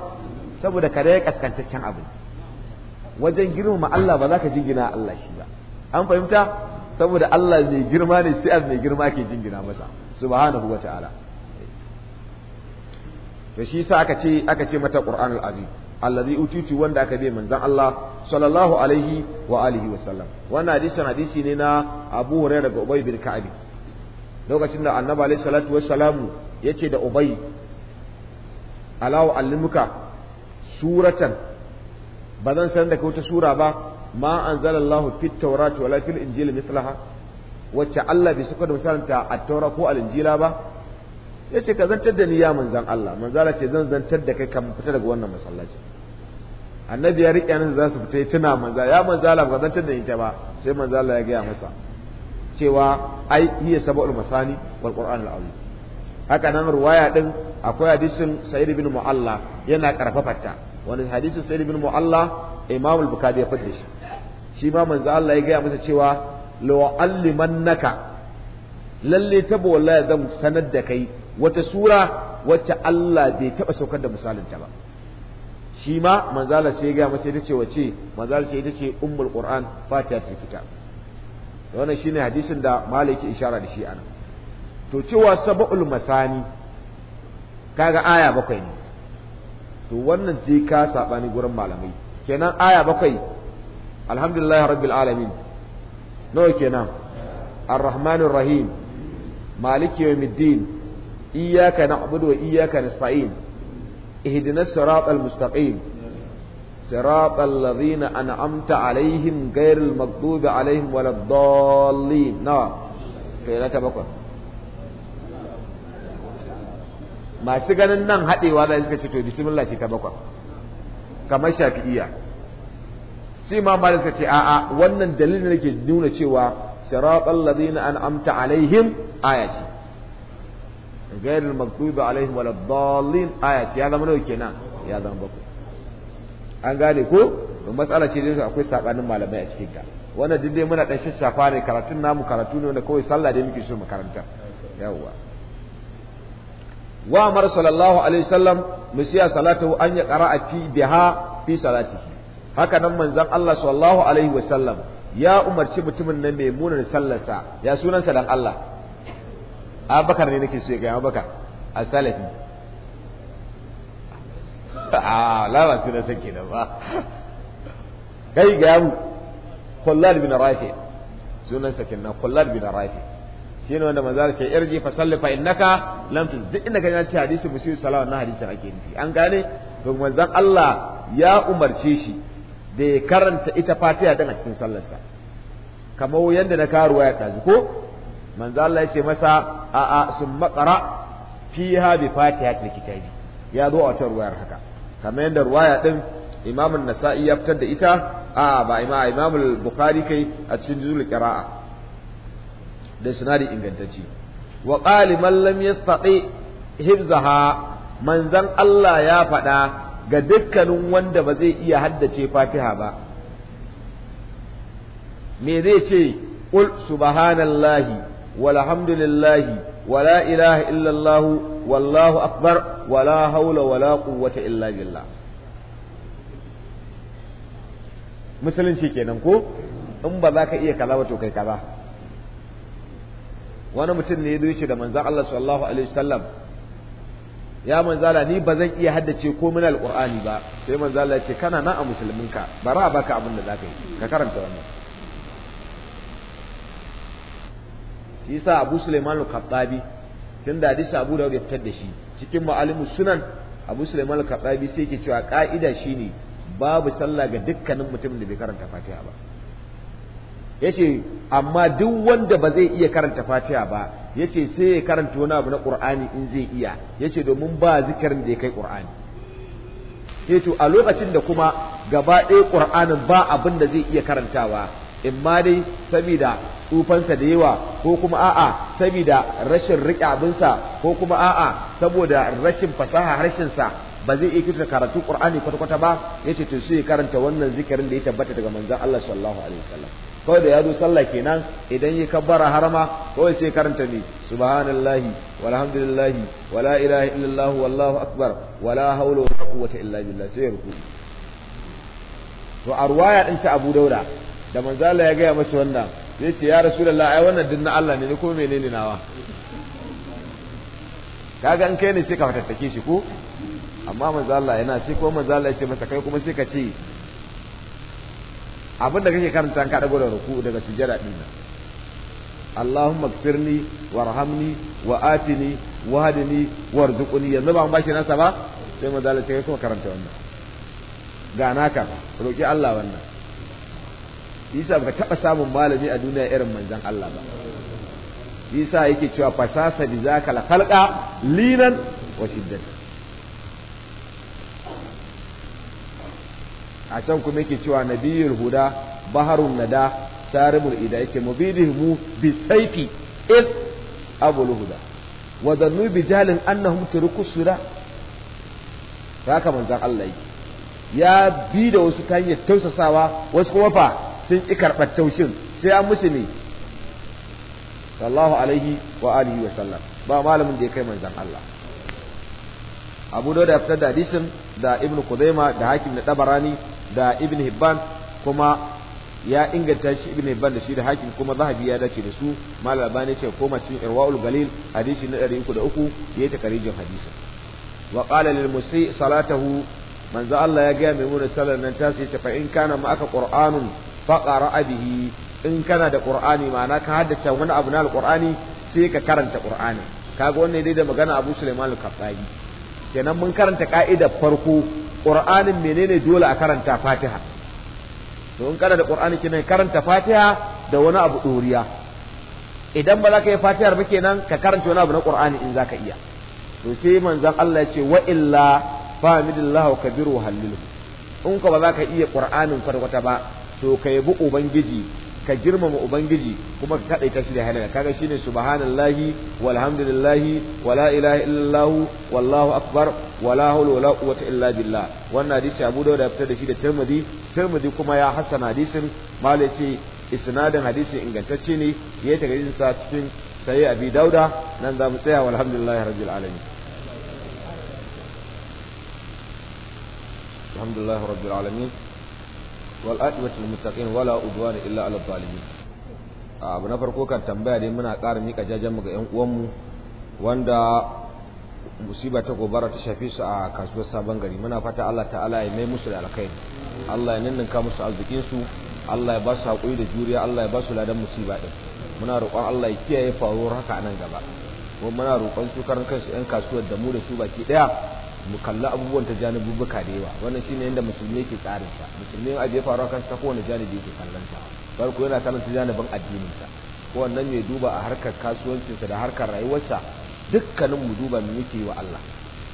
saboda kare ya kaskantaccen abu wajen girmama Allah ba za ka jingina Allah shi ba an fahimta saboda Allah mai girma ne sai mai girma ke jingina masa subhanahu ta'ala to shi yasa aka ce aka ce mata Qur'anul Azim allazi ututu wanda aka bai manzon Allah sallallahu alaihi wa alihi wa sallam wannan hadisi hadisi ne na Abu Hurairah daga Ubay bin Ka'ab lokacin da annaba alaihi salatu salamu ya ce da ubay alawo allimuka suratan ba zan san da ka wata sura ba ma an allahu fit ta wala fil injili mislaha wacce Allah bai suka da misalanta a taura ko al'injila ba ba ce ka zantar da ni ya manzan Allah manzala ce zan zantar da kai kan fita daga wannan masallaci annabi ya riƙe nan za su fita tuna manzala ya manzala ba zantar da ta ba sai manzala ya gaya masa cewa ai hiya sab'ul masani wal qur'an al azim haka nan ruwaya din akwai hadisin sa'id ibn mu'alla yana ta wani hadisin sa'id ibn mu'alla imam al-bukhari ya fadda shi shi ma manzo Allah ya gaya masa cewa law allimannaka lalle tabo wallahi zan sanar da kai wata sura wacce Allah bai taba saukar da misalin ta ba shi ma manzala sai ya gaya masa ita ce wace manzala sai ita ce ummul qur'an ta kitab wannan shine hadisin da maliki ishara da shi anan to cewa sab'ul masani kaga aya bakwai ne to wannan je ka sabani gurin malamai kenan aya bakwai alhamdulillah rabbil alamin nawa kenan arrahmanir rahim maliki yawmiddin iyyaka na'budu wa iyyaka nasta'in ihdinas siratal mustaqim صراط الذين أنعمت عليهم غير المغضوب عليهم ولا الضالين نعم kai raka bakwai masu ganin nan haɗewa za suka ce to bismillah ta bakwai kamar shafi'iya shi ma ba ce a'a wannan dalilin da ke nuna cewa siratal ladina an'amta alaihim aya ce ghairil alaihim waladdallin aya ce ya zama ya zama bakwai an gane ko matsala ce dai akwai sabanin malamai a cikin ta wannan duk dai muna dan shashafa ne karatun namu karatu ne wanda kawai sallah dai muke so mu karanta wa amara sallallahu alaihi wasallam musiya salatu an ya qara'a fi biha fi salatihi haka nan manzon Allah sallallahu alaihi wasallam ya umarci mutumin nan mai munar sallarsa ya sunansa dan Allah Abakar ne nake so ya ga Abubakar as-Salafi a ah, lalace da take da ba kai ga mu kullad bin rafi sunan sakin na kullad bin rafi shine wanda manzo ce irji fa salli fa innaka lam duk inda kan ce hadisi musu salawa na hadisi ake nufi an gane to mazan Allah ya umarce shi da ya karanta ita fatiha din a cikin sallarsa kamar yadda na karuwa ya ɗazu ko manzo Allah ya ce masa a a sun maƙara fiha bi fatiha kitabi ya zo a wata ruwayar haka kamar yadda ruwaya din Imam nasai ya fitar da ita a ba Imam Imam bukhari kai a cikin juzul qira'a da sinadi ingantacci wa qali lam yastati hibzaha manzan Allah ya faɗa ga dukkanin wanda ba zai iya haddace Fatiha ba me zai ce qul subhanallahi walhamdulillahi wala ilaha illallahu. wallahu akbar wala haula wala quwwata illa billah musulunci kenan ko in ba za ka iya kaza ba to kai kaza wani mutum ne ya zo da manzon Allah sallallahu alaihi wasallam ya manzala ni ba zan iya haddace ko min alqur'ani ba sai manzala ya ce kana nan a musulminka bara a baka abin da zaka yi ka karanta wannan Abu Suleiman al tunda hadisi Abu Dawud ya fitar da shi cikin ma'alimu sunan Abu Sulaiman al-Khattabi sai yake cewa ka'ida shine babu sallah ga dukkanin mutum da bai karanta Fatiha ba yace amma duk wanda ba zai iya karanta Fatiha ba yace sai ya karanta wani abu na Qur'ani in zai iya yace domin ba zikirin da ya kai Qur'ani yace a lokacin da kuma gaba ɗaya Qur'anin ba abin da zai iya karantawa in ma dai saboda tsufansa da yawa ko kuma a'a saboda rashin riƙe abinsa ko kuma a'a saboda rashin fasaha harshensa ba zai iya kirta karatu qur'ani kwata-kwata ba yace to sai karanta wannan zikirin da ya tabbata daga manzon Allah sallallahu alaihi wasallam kawai da ya zo sallah kenan idan ya kabbara harama kawai sai karanta ne subhanallahi walhamdulillahi wala ilaha illallah wallahu akbar wala hawla wala quwwata illa billah sai ruku to a ruwa din ta Abu Dauda da manzala ya gaya masa wannan ya ce ya rasulullah ai wannan din na Allah ne kuma menene nawa kaga in kai ne sai ka fatattake shi ko amma manzala yana sai ko manzala ya ce masa kai kuma sai ka ce abin da kake karanta ka dago da ruku daga sujada din nan Allahumma gfirni warhamni wa atini wa hadini warzuqni yanzu ba an bashi nasa ba sai manzala ce kai ko karanta wannan ga naka roki Allah wannan yasa baka taba samun malami a duniya irin manzon Allah ba yasa yake cewa fasasa bi zaka la khalqa linan wa shiddat a can kuma yake cewa nabiyul huda baharun nada saribul ida yake mubidihmu bi saifi is abul huda wa dhannu bi jahlin annahum turukus suda haka manzon Allah yake ya bi da wasu ta hanyar tausasawa wasu kuma fa sun ƙi karɓar taushin sai an musu ne Sallahu alaihi wa alihi wa sallam ba malamin da ya kai manzan Allah Abu Dawud ya fitar da hadisin da Ibn Kuzaima da Hakim da Tabarani da Ibn Hibban kuma ya inganta shi Ibn Hibban da shi da Hakim kuma Zahabi ya dace da su Malam Albani ce koma cikin Irwaul Galil hadisi na 303 yayi takarijin hadisin wa qala lil musi salatahu manzo Allah ya ga mai mun sallar nan ta sai ta fa in kana ma aka qur'anun faqara abihi in kana da qur'ani ma'ana ka haddace wani abu na alqur'ani sai ka karanta qur'ani kaga wannan dai da magana Abu Sulaiman al-Qassani kenan mun karanta ka'idar farko qur'anin menene dole a karanta Fatiha to in kana da qur'ani kenan karanta Fatiha da wani abu doriya idan ba za ka yi fatiha ba kenan ka karanta wani abu na qur'ani in za ka iya to sai manzon Allah ya ce wa illa famidillahu kabiru halilu in ka ba za ka iya qur'anin farkwata ba to ka yabi ubangiji ka girmama ubangiji kuma ka kadaita shi da halayya kaga shine subhanallahi walhamdulillahi wala ilaha illallah wallahu akbar wala hawla wala quwwata illa billah wannan hadisi Abu Dawud ya fitar da shi da Tirmidhi Tirmidhi kuma ya hassana hadisin malaci isnadin hadisi ingantacce ne ya ta gari sa cikin sai Abi Dauda nan za mu tsaya walhamdulillahi rabbil alamin alhamdulillahi rabbil alamin wal'adwatul mutaqin wala udwana illa ala zalimin abu na farko kan tambaya dai muna ƙara mika jajen mu ga ƴan mu wanda musiba ta gobara ta shafi su a kasuwar sabon gari muna fata Allah ta'ala ya mai musu da alkhairi Allah ya ninninka musu arzikin su Allah ya ba su haƙuri da juriya Allah ya ba su ladan musiba din muna roƙon Allah ya kiyaye faruwar haka a nan gaba kuma muna roƙon su karan kansu ƴan kasuwar da mu da su baki ɗaya mu kalli abubuwan ta buka da yawa wannan shine yadda musulmi yake tsarin sa musulmi a jefa ruwa kansa ta wani janibi yake kallon sa farko yana kallon ta janibin addinin sa ko wannan mai duba a harkar kasuwancin sa da harkar rayuwarsa dukkanin mu duba mu yake wa Allah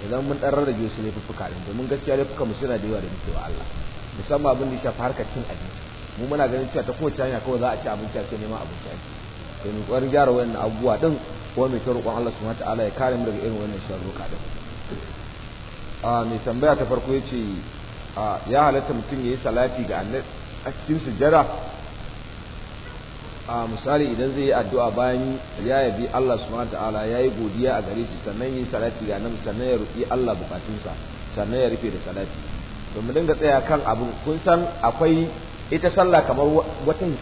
idan mun dan rarrage su ne fuka din domin gaskiya laifuka mu suna da yawa da muke wa Allah musamman abin da ya shafi harkar cin abinci mu muna ganin cewa ta kowace hanya kawai za a ci abinci a ce neman abinci ake to mu kwarin gyara wannan abubuwa din ko mai ta roƙon Allah subhanahu wa ta'ala ya kare mu daga irin wannan sharruka din mai tambaya ta farko ya ce ya halatta mutum ya yi salati ga annabi a cikin sujjara a misali idan zai yi addu'a bayan ya yabi Allah subhanahu ta'ala ya yi godiya a gare shi sannan yi salati ga nan sannan ya roƙi Allah bukatunsa sannan ya rufe da salati to mu dinga tsaya kan abin kun san akwai ita sallah kamar watan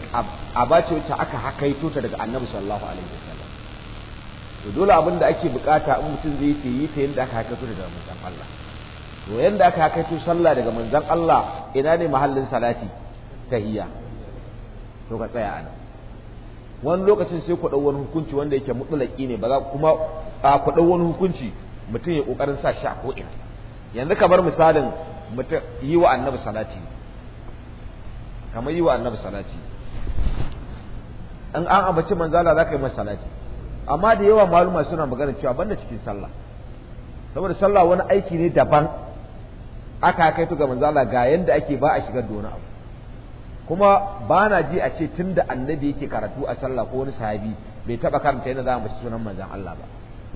abace wacce aka hakaito ta daga annabi sallallahu alaihi wasallam to dole abin da ake bukata in mutum zai yi ta yi ta yadda aka hakaito daga mutum to yanda aka to sallah daga manzon Allah ina ne mahallin salati tahiyya to ka tsaya anan wani lokacin sai ku wani hukunci wanda yake mutulaki ne ba za kuma a ku wani hukunci mutum ya kokarin sa shi a ko ina yanzu kamar misalin mutum yi wa annabi salati kamar yi wa annabi salati in an ambaci manzala za ka yi masa salati amma da yawa maluma suna magana cewa banda cikin sallah saboda sallah wani aiki ne daban aka kai to ga manzo Allah ga yanda ake ba a shigar da wani abu kuma ba na ji a ce tunda annabi yake karatu a sallah ko wani sahabi bai taba karanta yadda za mu sunan manzon Allah ba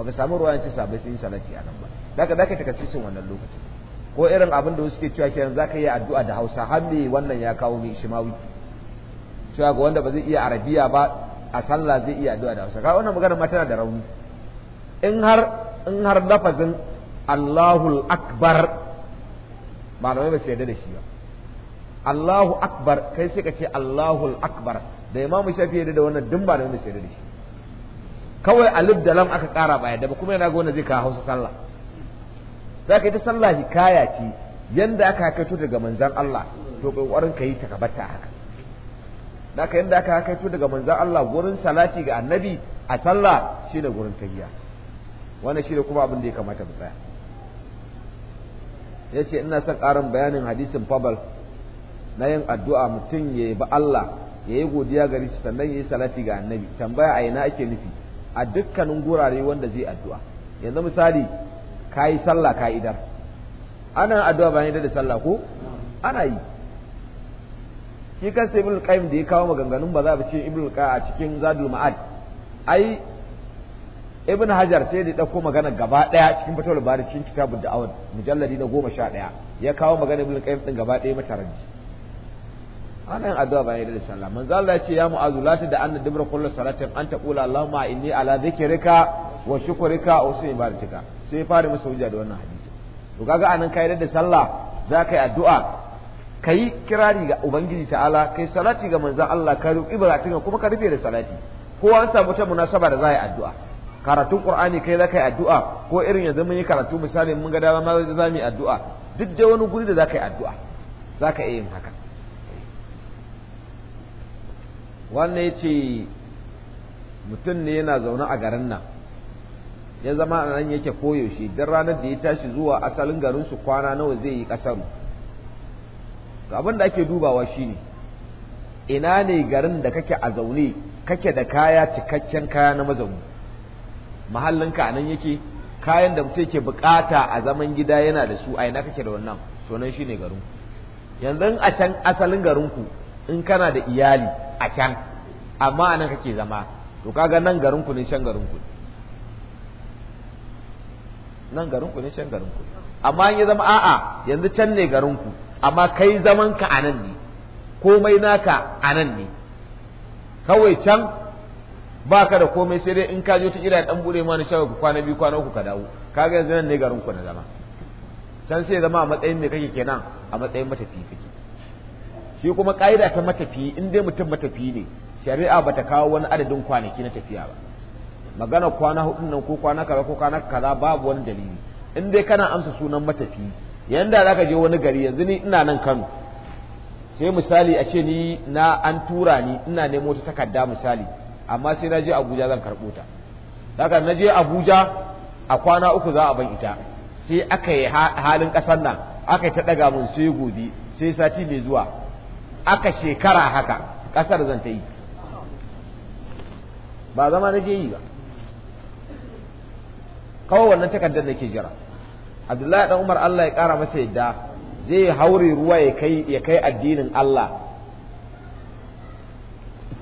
baka samu ruwayan ci sahabbai sun yi salati a nan ba daga daga ta kace sun wannan lokacin ko irin abin da suke cewa kenan zaka yi addu'a da Hausa har me wannan ya kawo mai shimawi cewa ga wanda ba zai iya arabiya ba a sallah zai iya addu'a da Hausa ga wannan magana ma tana da rauni in har in har lafazin Allahul Akbar malamai ba su yarda da shi ba Allahu akbar kai sai ka ce Allahu akbar da Imam Shafi yarda da wannan duk malamai ba su yarda da shi kawai alif da lam aka kara ba yadda ba kuma yana ga wanda zai kawo Hausa sallah za ka yi ta sallah hikaya ce yanda aka kaito daga manzan Allah to kokarin ka yi ta kabata haka da ka yanda aka to daga manzan Allah gurin salati ga annabi a sallah shine gurin tahiyya wannan shine kuma abin da ya kamata mu tsaya ya ce ina son ƙarin bayanin hadisin fabal na yin addu'a mutum ya yi Allah ya yi godiya gare shi sannan ya yi salati ga annabi tambaya a ina ake nufi a dukkanin gurare wanda zai addu'a yanzu misali ka yi sallah ka idar ana addu'a bayan da sallah ko ana yi shi kansa ibn qayyim da ya kawo maganganun ba za a ce ibn qayyim a cikin zadul ma'ad ibn hajar sai da ɗauko magana gaba ɗaya cikin fatawar bari cikin kitabun awon mujalladi na goma sha ɗaya ya kawo magana ibn qayyim din gaba ɗaya mata ranji ana yin addu'a bayan da sallah manzo Allah ya ce ya mu'azu lati da anna dibra kullu salatin an taqula allahumma inni ala dhikrika wa shukrika wa husni ibadatika sai fara masa hujja da wannan hadisi to kaga anan kai da sallah za ka yi addu'a kai kirari ga ubangiji ta'ala kai salati ga manzon Allah ka roki ibadatika kuma ka rufe da salati kowa an samu ta munasaba da za a yi addu'a karatun qur'ani kai zaka yi addu'a ko irin yanzu mun yi karatu misali mun ga dama ma za mu yi addu'a duk da wani guri da zakai addu'a zaka iya yin haka wannan yace mutum ne yana zaune a garin nan ya zama a nan yake koyaushe don ranar da ya tashi zuwa asalin garin su kwana nawa zai yi kasaru? abin da ake dubawa shine ina ne garin da kake a zaune kake da kaya cikakken kaya na mazauni mahallinka ka nan yake kayan da mutum ke bukata a zaman gida yana da su a ina kake da wannan to nan shine garin yanzu a can asalin garinku in kana da iyali a can amma a nan kake zama to kaga nan garinku ne can garinku nan garinku ne can garinku amma in ya zama a'a yanzu can ne garinku amma kai zaman ka a nan ne komai naka a nan ne kawai can ba ka da komai sai dai in ka je ta ira dan bude ma na ku kwana biyu kwana uku ka dawo kaga yanzu nan ne garin ku na zama can sai zama a matsayin me kake kenan a matsayin matafi kake shi kuma ka'ida ta matafi in dai mutum matafi ne shari'a bata kawo wani adadin kwanaki na tafiya ba magana kwana hudu nan ko kwana kaza ko kwana kaza babu wani dalili in dai kana amsa sunan matafi yanda zaka je wani gari yanzu ni ina nan Kano sai misali a ce ni na an tura ni ina nemo ta takarda misali amma sai na je abuja zan karɓo ta haka na je abuja a kwana uku za a ban ita sai aka yi halin ƙasar nan aka yi ta ɗaga mun sai gobe sai sati mai zuwa aka shekara haka ƙasar zan ta yi ba zama na je yi ba kawai wannan takardar da ke jira abdullahi dan umar allah ya ƙara masa yadda zai haure ruwa ya kai addinin allah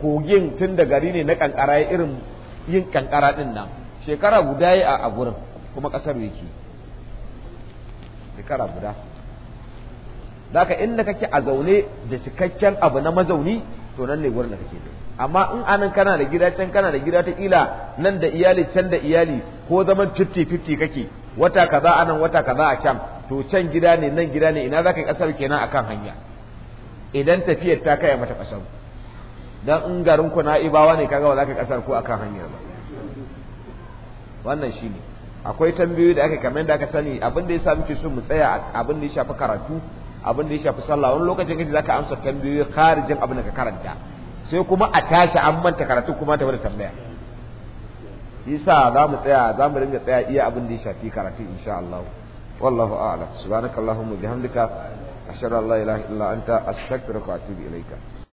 kogin tun da gari ne na kankara ya irin yin kankara din nan shekara guda ya a gurin kuma kasar yake shekara guda za ka inda kake a zaune da cikakken abu na mazauni to nan ne gurin da kake da amma in anan kana da gida can kana da gida ta kila nan da iyali can da iyali ko zaman 50-50 kake wata kaza a nan wata kaza a can to can gida ne nan gida ne ina za ka yi kasar kenan akan hanya idan tafiyar ta kai mata kasar dan in garin ku na'ibawa ne kaga ba za ka kasar ku akan hanya ba wannan shine akwai tambayoyi da aka kamar da aka sani abin da yasa muke so mu tsaya abin da ya shafi karatu abin da ya shafi sallah wani lokacin kace zaka amsa tambayoyi kharijin abin da ka karanta sai kuma a tashi an manta karatu kuma ta bada tambaya yasa za mu tsaya za mu ringa tsaya iya abin da ya shafi karatu insha Allah wallahu a'lam subhanakallahumma bihamdika ashhadu an la ilaha illa anta astaghfiruka wa atubu ilaika